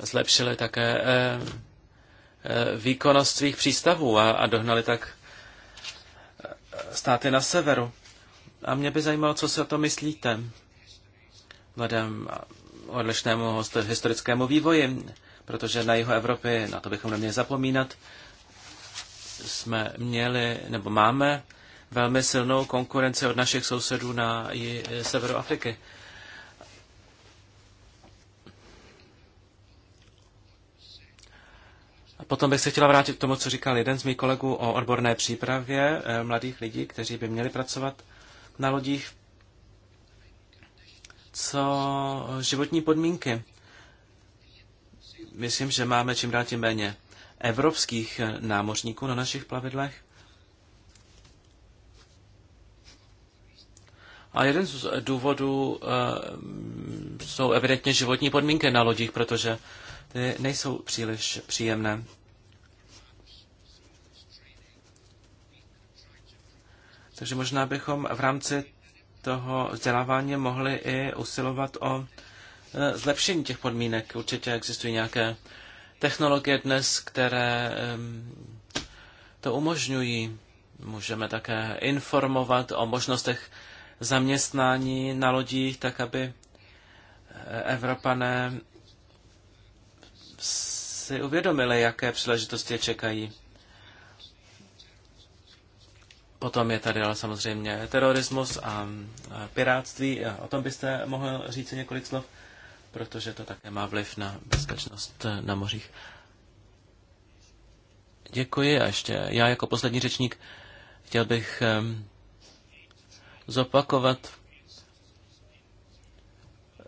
zlepšili také eh, eh, výkonnost svých přístavů a, a dohnali tak státy na severu. A mě by zajímalo, co si o to myslíte, vzhledem odlišnému historickému vývoji protože na jihu Evropy, na to bychom neměli zapomínat, jsme měli, nebo máme velmi silnou konkurenci od našich sousedů na severu Afriky. A potom bych se chtěla vrátit k tomu, co říkal jeden z mých kolegů o odborné přípravě eh, mladých lidí, kteří by měli pracovat na lodích. Co životní podmínky myslím, že máme čím dál tím méně evropských eh, námořníků na našich plavidlech. A jeden z důvodů uh, jsou evidentně životní podmínky na lodích, protože ty nejsou příliš příjemné. Takže možná bychom v rámci toho vzdělávání mohli i usilovat o Eh, zlepšení těch podmínek. Určitě existují nějaké technologie dnes, které to umožňují. Můžeme také informovat o možnostech zaměstnání na lodích, tak aby eh, Evropané si uvědomili, jaké příležitosti je čekají. Potom je tady ale samozřejmě terorismus a piráctví. O tom byste mohl říct několik slov protože to také má vliv na bezpečnost eh, na mořích. Děkuji a ještě já jako poslední řečník chtěl bych ehm, zopakovat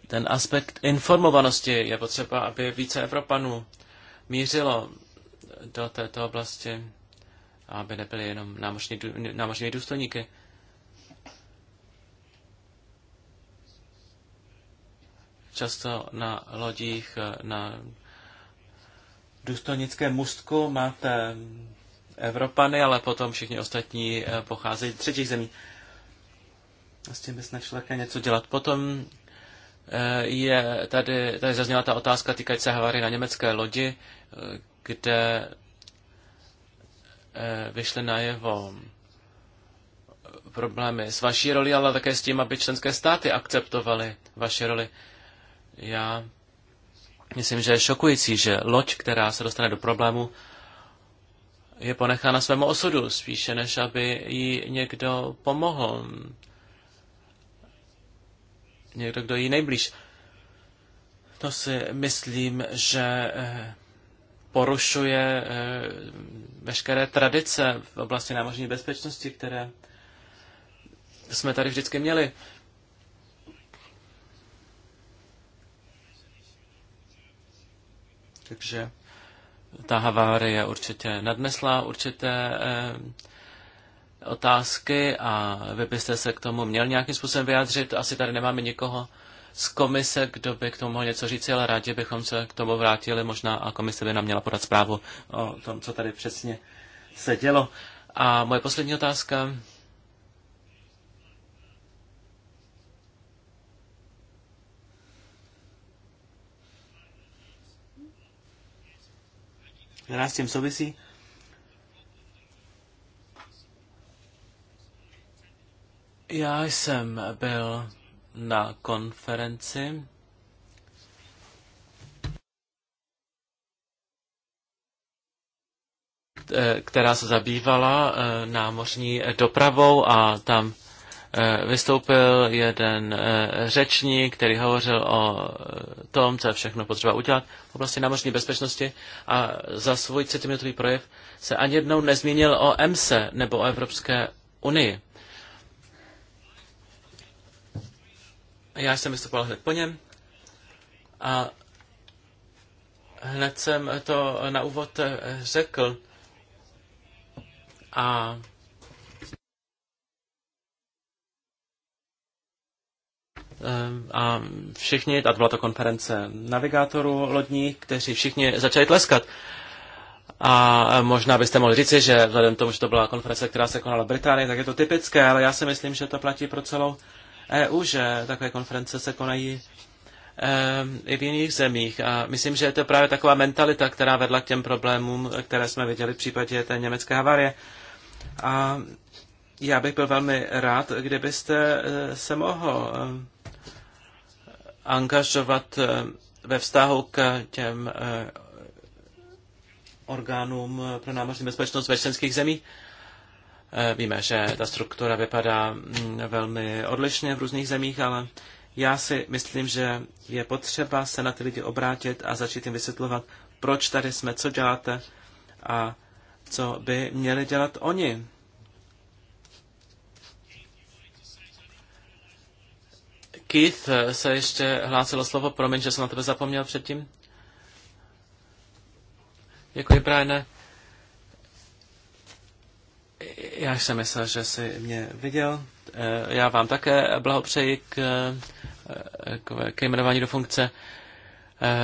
ten aspekt informovanosti. Je potřeba, aby více Evropanů mířilo do této oblasti, aby nebyly jenom námořní, námořní důstojníky. často na lodích, eh, na důstojnickém mustku máte eh, Evropany, ale potom všichni ostatní eh, pocházejí z třetích zemí. S tím bys nešlo také něco dělat. Potom je tady, tady zazněla ta otázka týkající se havary na německé lodi, kde vyšly najevo problémy s vaší roli, ale také s tím, aby členské státy akceptovaly vaši roli. Já myslím, že je šokující, že loď, která se dostane do problému, je ponechána svému osudu, spíše než aby jí někdo pomohl. Někdo, kdo jí nejblíž. To si myslím, že eh, porušuje eh, veškeré tradice v oblasti námořní bezpečnosti, které jsme tady vždycky měli. Takže ta havárie určitě nadnesla určité eh, otázky a vy byste se k tomu měl nějakým způsobem vyjádřit. Asi tady nemáme nikoho z komise, kdo by k tomu mohl něco říct, ale rádi bychom se k tomu vrátili možná a komise by nám měla podat zprávu o tom, co tady přesně se dělo. A moje poslední otázka která s tím souvisí. Já jsem byl na konferenci která se zabývala eh, námořní dopravou a tam Eh, vystoupil jeden eh, řečník, který hovořil o eh, tom, co je všechno potřeba udělat v oblasti námořní bezpečnosti a za svůj 30-minutový projev se ani jednou nezmínil o EMSE nebo o Evropské unii. Já jsem vystupoval hned po něm a hned jsem to na úvod řekl. A Eh, a všichni, a byla to konference navigátorů lodních, kteří všichni začali tleskat. A eh, možná byste mohli říci, že vzhledem k tomu, že to byla konference, která se konala v Británii, tak je to typické, ale já si myslím, že to platí pro celou EU, že takové konference se konají eh, i v jiných zemích. A myslím, že je to právě taková mentalita, která vedla k těm problémům, které jsme viděli v případě té německé havárie. A já bych byl velmi rád, kdybyste se mohl angažovat eh, ve vztahu k těm eh, orgánům eh, pro námořní bezpečnost ve členských zemích. Víme, že ta struktura vypadá mm, velmi odlišně v různých zemích, ale já si myslím, že je potřeba se na ty lidi obrátit a začít jim vysvětlovat, proč tady jsme, co děláte a co by měli dělat oni Keith eh, se ještě hlásilo slovo, promiň, že jsem na tebe zapomněl předtím. Děkuji, Brian. Já jsem myslel, že jsi mě viděl. Eh, já vám také blahopřeji k, k, eh, k jmenování do funkce.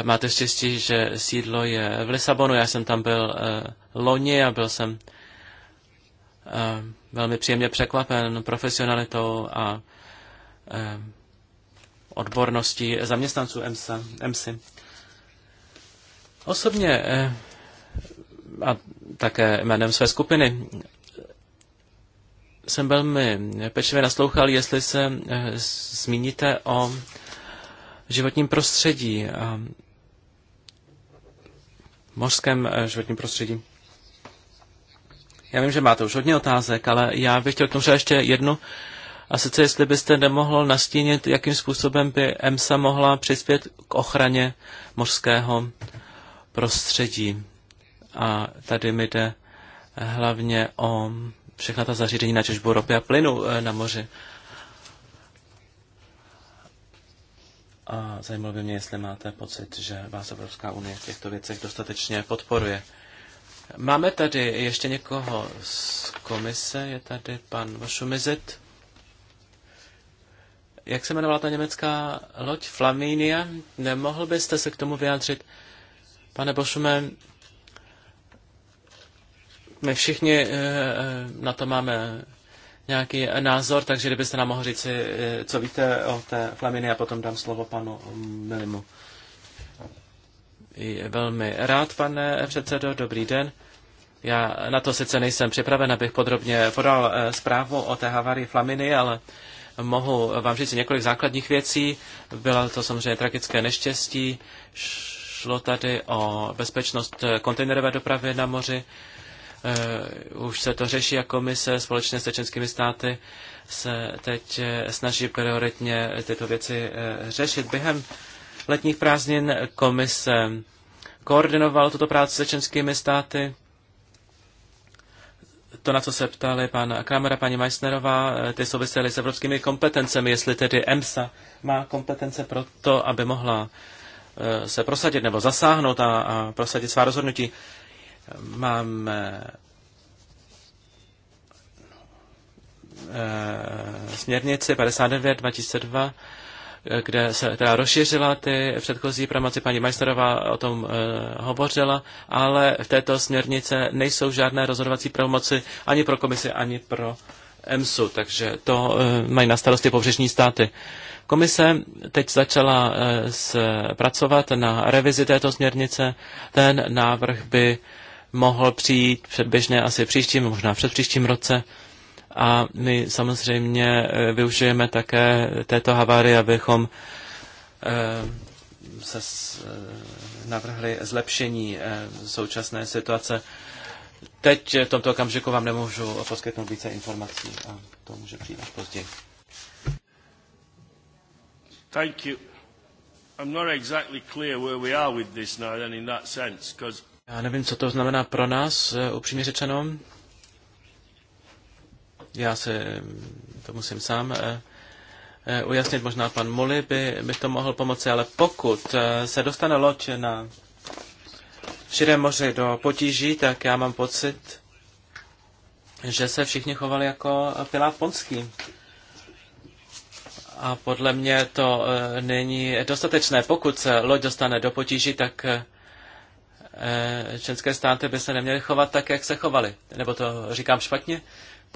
Máte štěstí, že sídlo je v Lisabonu. Já jsem tam byl loni a byl jsem velmi příjemně překvapen profesionalitou a Odbornosti zaměstnanců EMSI. Osobně eh, a také jménem své skupiny jsem velmi pečlivě naslouchal, jestli se eh, zmíníte o životním prostředí a mořském eh, životním prostředí. Já vím, že máte už hodně otázek, ale já bych chtěl k tomu ještě jednu a sice jestli byste nemohl nastínit, jakým způsobem by EMSA mohla přispět k ochraně mořského prostředí. A tady mi jde hlavně o všechna ta zařízení na těžbu ropy a plynu eh, na moři. A zajímalo by mě, jestli máte pocit, že vás Evropská unie v těchto věcech dostatečně podporuje. Máme tady ještě někoho z komise, je tady pan Vašumizit. Jak se jmenovala ta německá loď? Flaminia? Nemohl byste se k tomu vyjádřit? Pane Bošume, my všichni eh, eh, na to máme nějaký názor, takže kdybyste nám mohl říct, eh, co víte o té Flaminii. a potom dám slovo panu Milimu. Velmi rád, pane předsedo, dobrý den. Já na to sice nejsem připraven, abych podrobně podal zprávu o té havárii Flaminy, ale mohu vám říct několik základních věcí. Bylo to samozřejmě tragické neštěstí, šlo tady o bezpečnost kontejnerové dopravy na moři. Eh, už se to řeší a jako komise společně se českými státy se teď eh, snaží prioritně tyto věci eh, řešit. Během letních prázdnin komise koordinoval tuto práci se českými státy to, na co se ptali pan Kramer a paní Meissnerová, eh, ty souvisely s evropskými kompetencemi, jestli tedy EMSA má kompetence pro to, aby mohla eh, se prosadit nebo zasáhnout a, a prosadit svá rozhodnutí. Máme eh, směrnici 59 2002 kde se teda rozšířila ty předchozí pramaci, Paní Majsterová o tom uh, hovořila, ale v této směrnice nejsou žádné rozhodovací pravomoci ani pro komisi, ani pro EMSu, takže to uh, mají na starosti pobřežní státy. Komise teď začala uh, s, pracovat na revizi této směrnice. Ten návrh by mohl přijít předběžně asi příštím, možná před příštím roce. Uh, a my samozřejmě eh, využijeme také této havárie, abychom eh, se eh, navrhli zlepšení současné situace. Teď v tomto okamžiku vám nemůžu poskytnout více informací a to může přijít až později. Thank you. I'm not exactly clear where we are with this now then in that sense, because... Já nevím, co to znamená pro nás, upřímně řečeno. Já se to musím sám eh, eh, ujasnit, možná pan Moli by, by to mohl pomoci, ale pokud eh, se dostane loď na širé moře do potíží, tak já mám pocit, že se všichni chovali jako Pilát Ponský. A podle mě to není dostatečné. Pokud se loď dostane do potíží, tak členské státy by se neměly chovat tak, jak se chovali. Nebo to říkám špatně?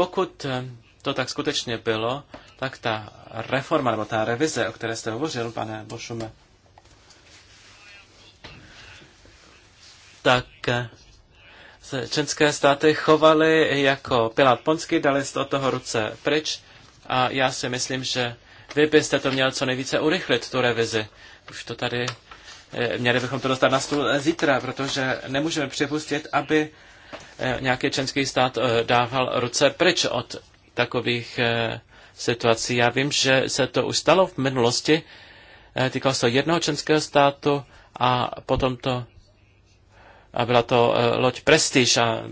Pokud eh, to tak skutečně bylo, tak ta reforma nebo ta revize, o které jste hovořil, pane Bošume, tak eh, se členské státy chovaly jako Pilát Ponsky, dali jste od toho ruce pryč a já si myslím, že vy byste to měl co nejvíce urychlit, tu revizi. Už to tady, eh, měli bychom to dostat na stůl zítra, protože nemůžeme připustit, aby Eh, nějaký členský stát eh, dával ruce pryč od takových eh, situací. Já vím, že se to už stalo v minulosti, týkalo se jednoho členského státu a potom to a byla to loď Prestiž a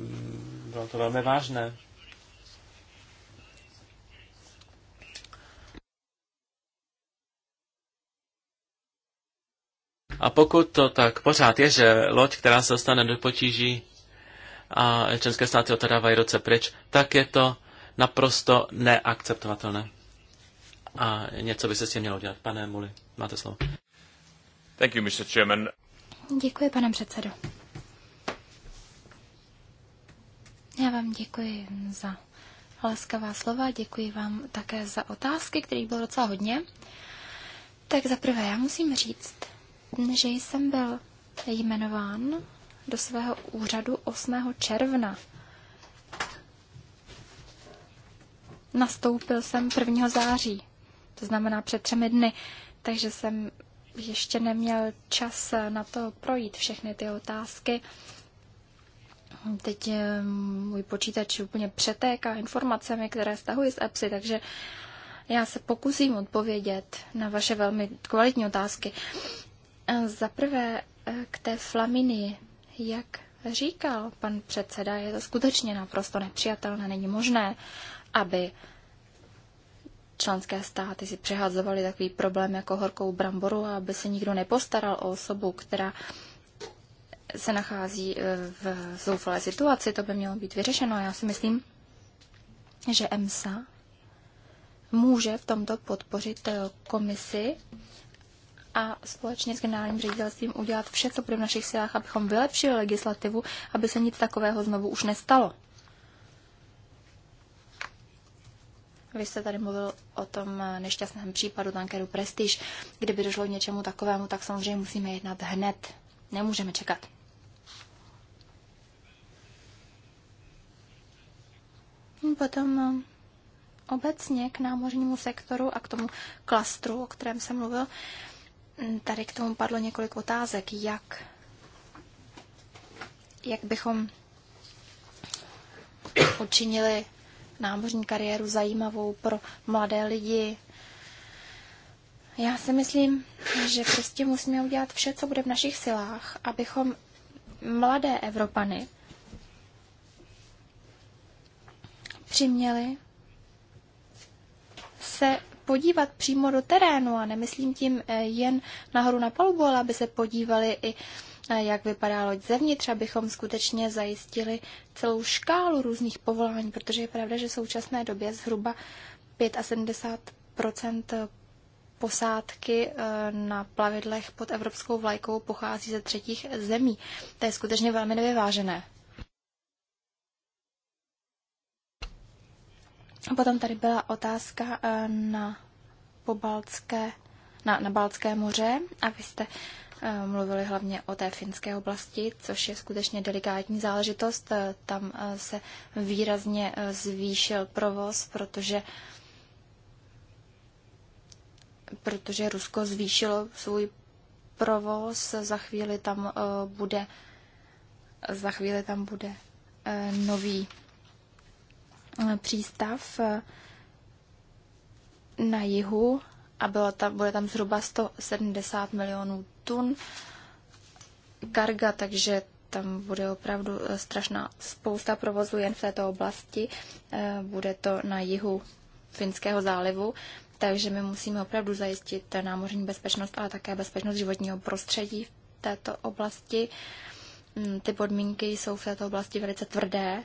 bylo to velmi vážné. A pokud to tak pořád je, že loď, která se dostane do potíží, a členské státy od dávají roce pryč, tak je to naprosto neakceptovatelné. A něco by se s tím mělo dělat. Pane Muli, máte slovo. Thank you, Mr. Chairman. Děkuji, pane předsedo. Já vám děkuji za laskavá slova, děkuji vám také za otázky, kterých bylo docela hodně. Tak za prvé, já musím říct, že jsem byl jmenován do svého úřadu 8. června. Nastoupil jsem 1. září, to znamená před třemi dny, takže jsem ještě neměl čas na to projít všechny ty otázky. Teď eh, můj počítač úplně přetéká informacemi, které stahuji z EPSy, takže já se pokusím odpovědět na vaše velmi kvalitní otázky. Eh, za prvé eh, k té Flaminii jak říkal pan předseda, je to skutečně naprosto nepřijatelné. Není možné, aby členské státy si přehazovaly takový problém jako horkou bramboru a aby se nikdo nepostaral o osobu, která se nachází e, v zoufalé situaci. To by mělo být vyřešeno. Já si myslím, že EMSA může v tomto podpořit e, komisi a společně s generálním ředitelstvím udělat vše, co bude v našich silách, abychom vylepšili legislativu, aby se nic takového znovu už nestalo. Vy jste tady mluvil o tom nešťastném případu tankeru Prestige. Kdyby došlo k něčemu takovému, tak samozřejmě musíme jednat hned. Nemůžeme čekat. Potom no, obecně k námořnímu sektoru a k tomu klastru, o kterém jsem mluvil, Tady k tomu padlo několik otázek, jak, jak bychom učinili námořní kariéru zajímavou pro mladé lidi. Já si myslím, že prostě musíme udělat vše, co bude v našich silách, abychom mladé Evropany přiměli se podívat přímo do terénu a nemyslím tím eh, jen nahoru na palubu, ale aby se podívali i eh, jak vypadá loď zevnitř, abychom skutečně zajistili celou škálu různých povolání, protože je pravda, že v současné době zhruba 75 eh, posádky na plavidlech pod evropskou vlajkou pochází ze třetích zemí. To je skutečně velmi nevyvážené. Potom tady byla otázka eh, na pobaltské, na, na Baltské moře a vy jste eh, mluvili hlavně o té finské oblasti, což je skutečně delikátní záležitost. Eh, tam se výrazně zvýšil provoz, protože protože Rusko zvýšilo svůj provoz, za chvíli tam bude za chvíli tam bude nový Eh, přístav eh, na jihu a bylo tam, bude tam zhruba 170 milionů tun karga, takže tam bude opravdu eh, strašná spousta provozu jen v této oblasti. Bude to na jihu Finského zálivu, takže my musíme opravdu zajistit námořní bezpečnost, ale také bezpečnost životního prostředí v této oblasti. Mm, ty podmínky jsou v této oblasti velice tvrdé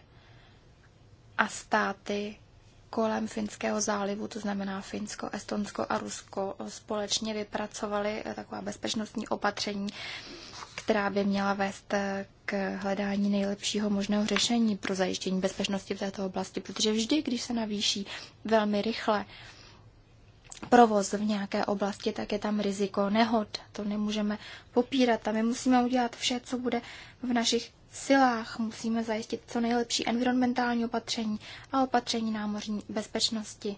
a státy kolem Finského zálivu, to znamená Finsko, Estonsko a Rusko, společně vypracovali eh, taková bezpečnostní opatření, která by měla vést eh, k hledání nejlepšího možného řešení pro zajištění bezpečnosti v této oblasti, protože vždy, když se navýší velmi rychle provoz v nějaké oblasti, tak je tam riziko nehod. To nemůžeme popírat a my musíme udělat vše, co bude v našich silách. Musíme zajistit co nejlepší environmentální opatření a opatření námořní bezpečnosti.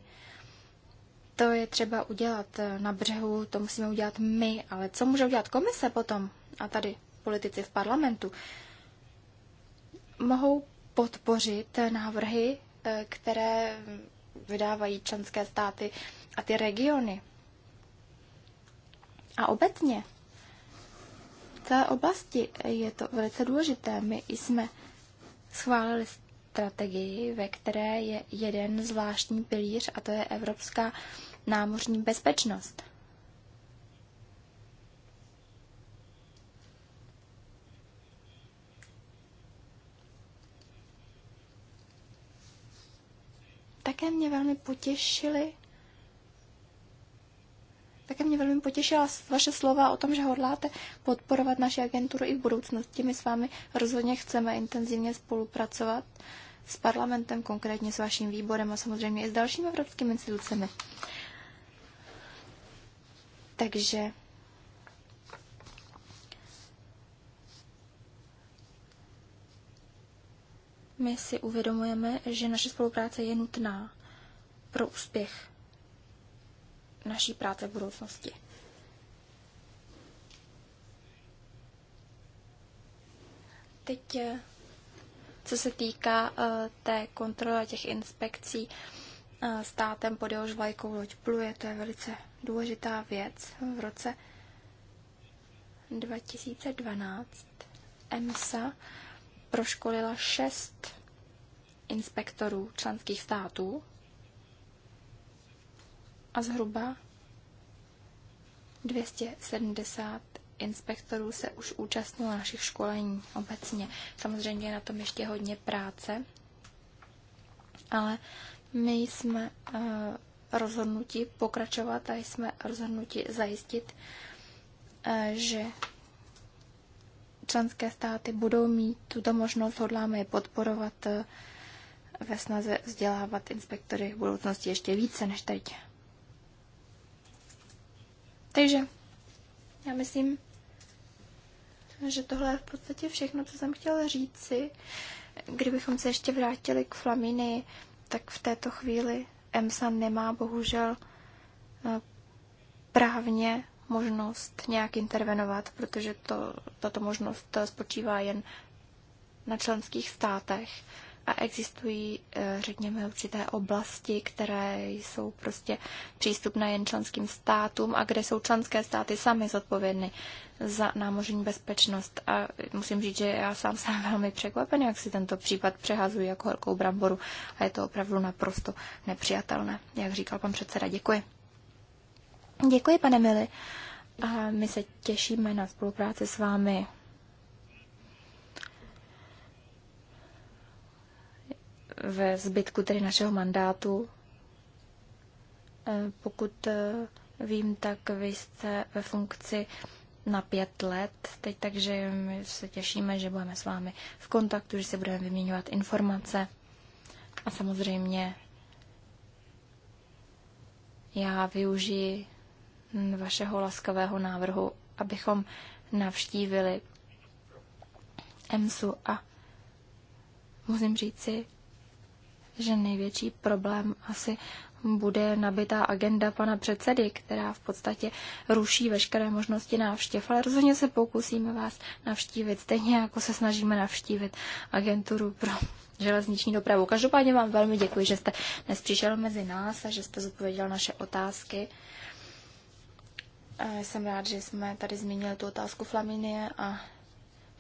To je třeba udělat eh, na břehu, to musíme udělat my, ale co může udělat komise potom a tady politici v parlamentu? Mohou podpořit eh, návrhy, eh, které vydávají členské státy a ty regiony a obecně v celé oblasti je to velice důležité. My jsme schválili strategii, ve které je jeden zvláštní pilíř a to je evropská námořní bezpečnost. Také mě velmi potěšily také mě velmi potěšila vaše slova o tom, že hodláte podporovat naši agenturu i v budoucnosti. My s vámi rozhodně chceme intenzivně spolupracovat s parlamentem, konkrétně s vaším výborem a samozřejmě i s dalšími evropskými institucemi. Takže my si uvědomujeme, že naše spolupráce je nutná pro úspěch naší práce v budoucnosti. Teď, eh, co se týká eh, té kontroly těch inspekcí eh, státem pod jehož vlajkou loď pluje, to je velice důležitá věc. V roce 2012 EMSA proškolila šest inspektorů členských států a zhruba 270 inspektorů se už účastnilo našich školení obecně. Samozřejmě je na tom ještě hodně práce, ale my jsme eh, rozhodnutí pokračovat a jsme rozhodnuti zajistit, eh, že členské státy budou mít tuto možnost, hodláme je podporovat eh, ve snaze vzdělávat inspektory v budoucnosti ještě více než teď. Takže já myslím, že tohle je v podstatě všechno, co jsem chtěla říci. Kdybychom se ještě vrátili k Flaminy, tak v této chvíli EMSA nemá bohužel eh, právně možnost nějak intervenovat, protože to, tato možnost eh, spočívá jen na členských státech a existují, eh, řekněme, určité oblasti, které jsou prostě přístupné jen členským státům a kde jsou členské státy sami zodpovědny za námořní bezpečnost. A musím říct, že já sám [LAUGHS] jsem velmi překvapen, jak si tento případ přehazují jako horkou bramboru a je to opravdu naprosto nepřijatelné, jak říkal pan předseda. Děkuji. Děkuji, pane Mili. A my se těšíme na spolupráci s vámi ve zbytku tedy našeho mandátu. Eh, pokud eh, vím, tak vy jste ve funkci na pět let teď, takže my se těšíme, že budeme s vámi v kontaktu, že se budeme vyměňovat informace. A samozřejmě já využiji vašeho laskavého návrhu, abychom navštívili EMSu a musím říci, že největší problém asi bude nabitá agenda pana předsedy, která v podstatě ruší veškeré možnosti návštěv, ale rozhodně se pokusíme vás navštívit, stejně jako se snažíme navštívit agenturu pro železniční dopravu. Každopádně vám velmi děkuji, že jste dnes přišel mezi nás a že jste zodpověděl naše otázky. Jsem rád, že jsme tady zmínili tu otázku Flaminie a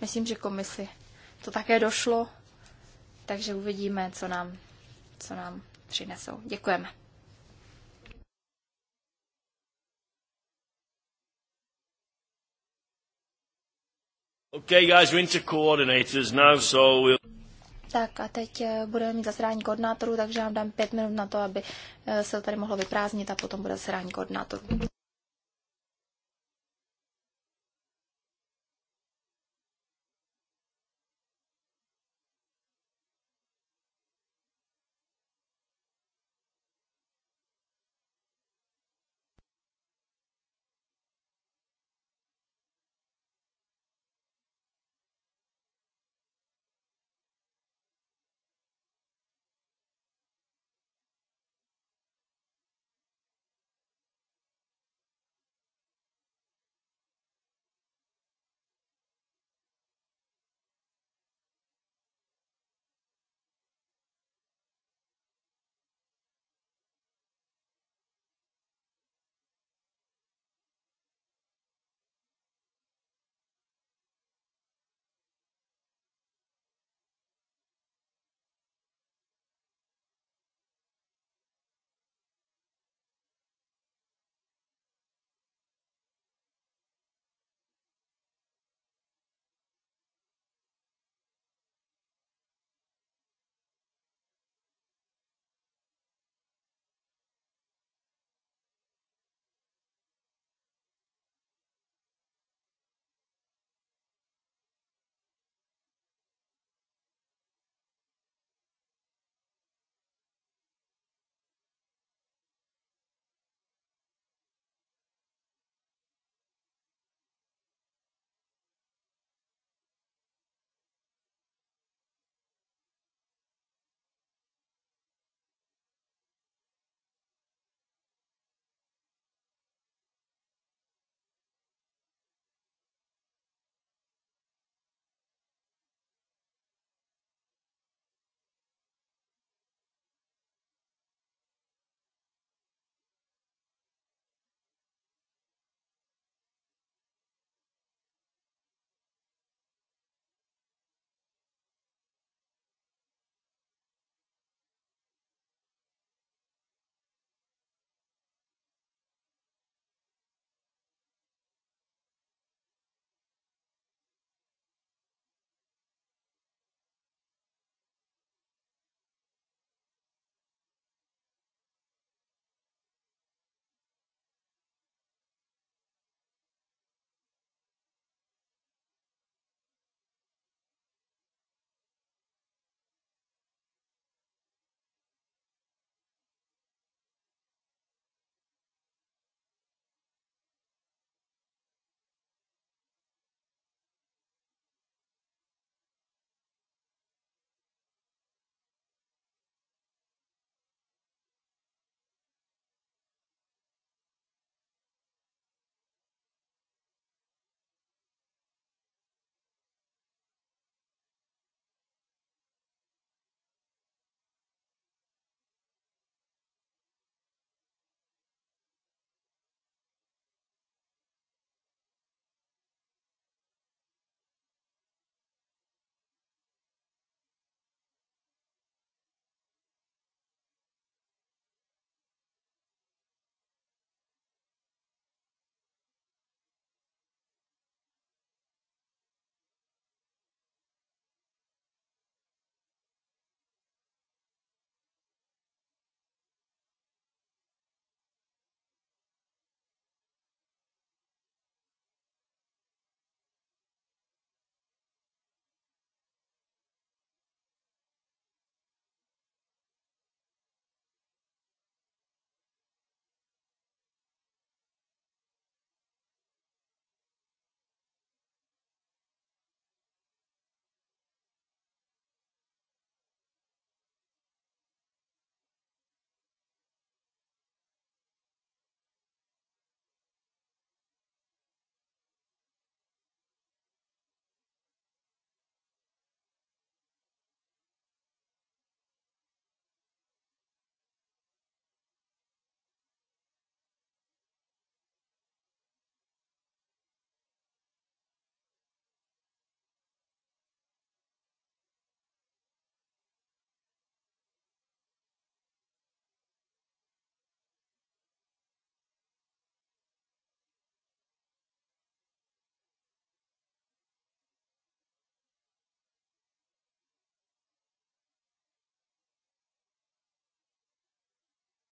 myslím, že komisi to také došlo, takže uvidíme, co nám co nám přinesou. Děkujeme. Okay, guys, we're into coordinators now, so we'll... Tak a teď eh, budeme mít zasedání koordinátorů, takže vám dám pět minut na to, aby eh, se to tady mohlo vyprázdnit a potom bude zasedání koordinátorů.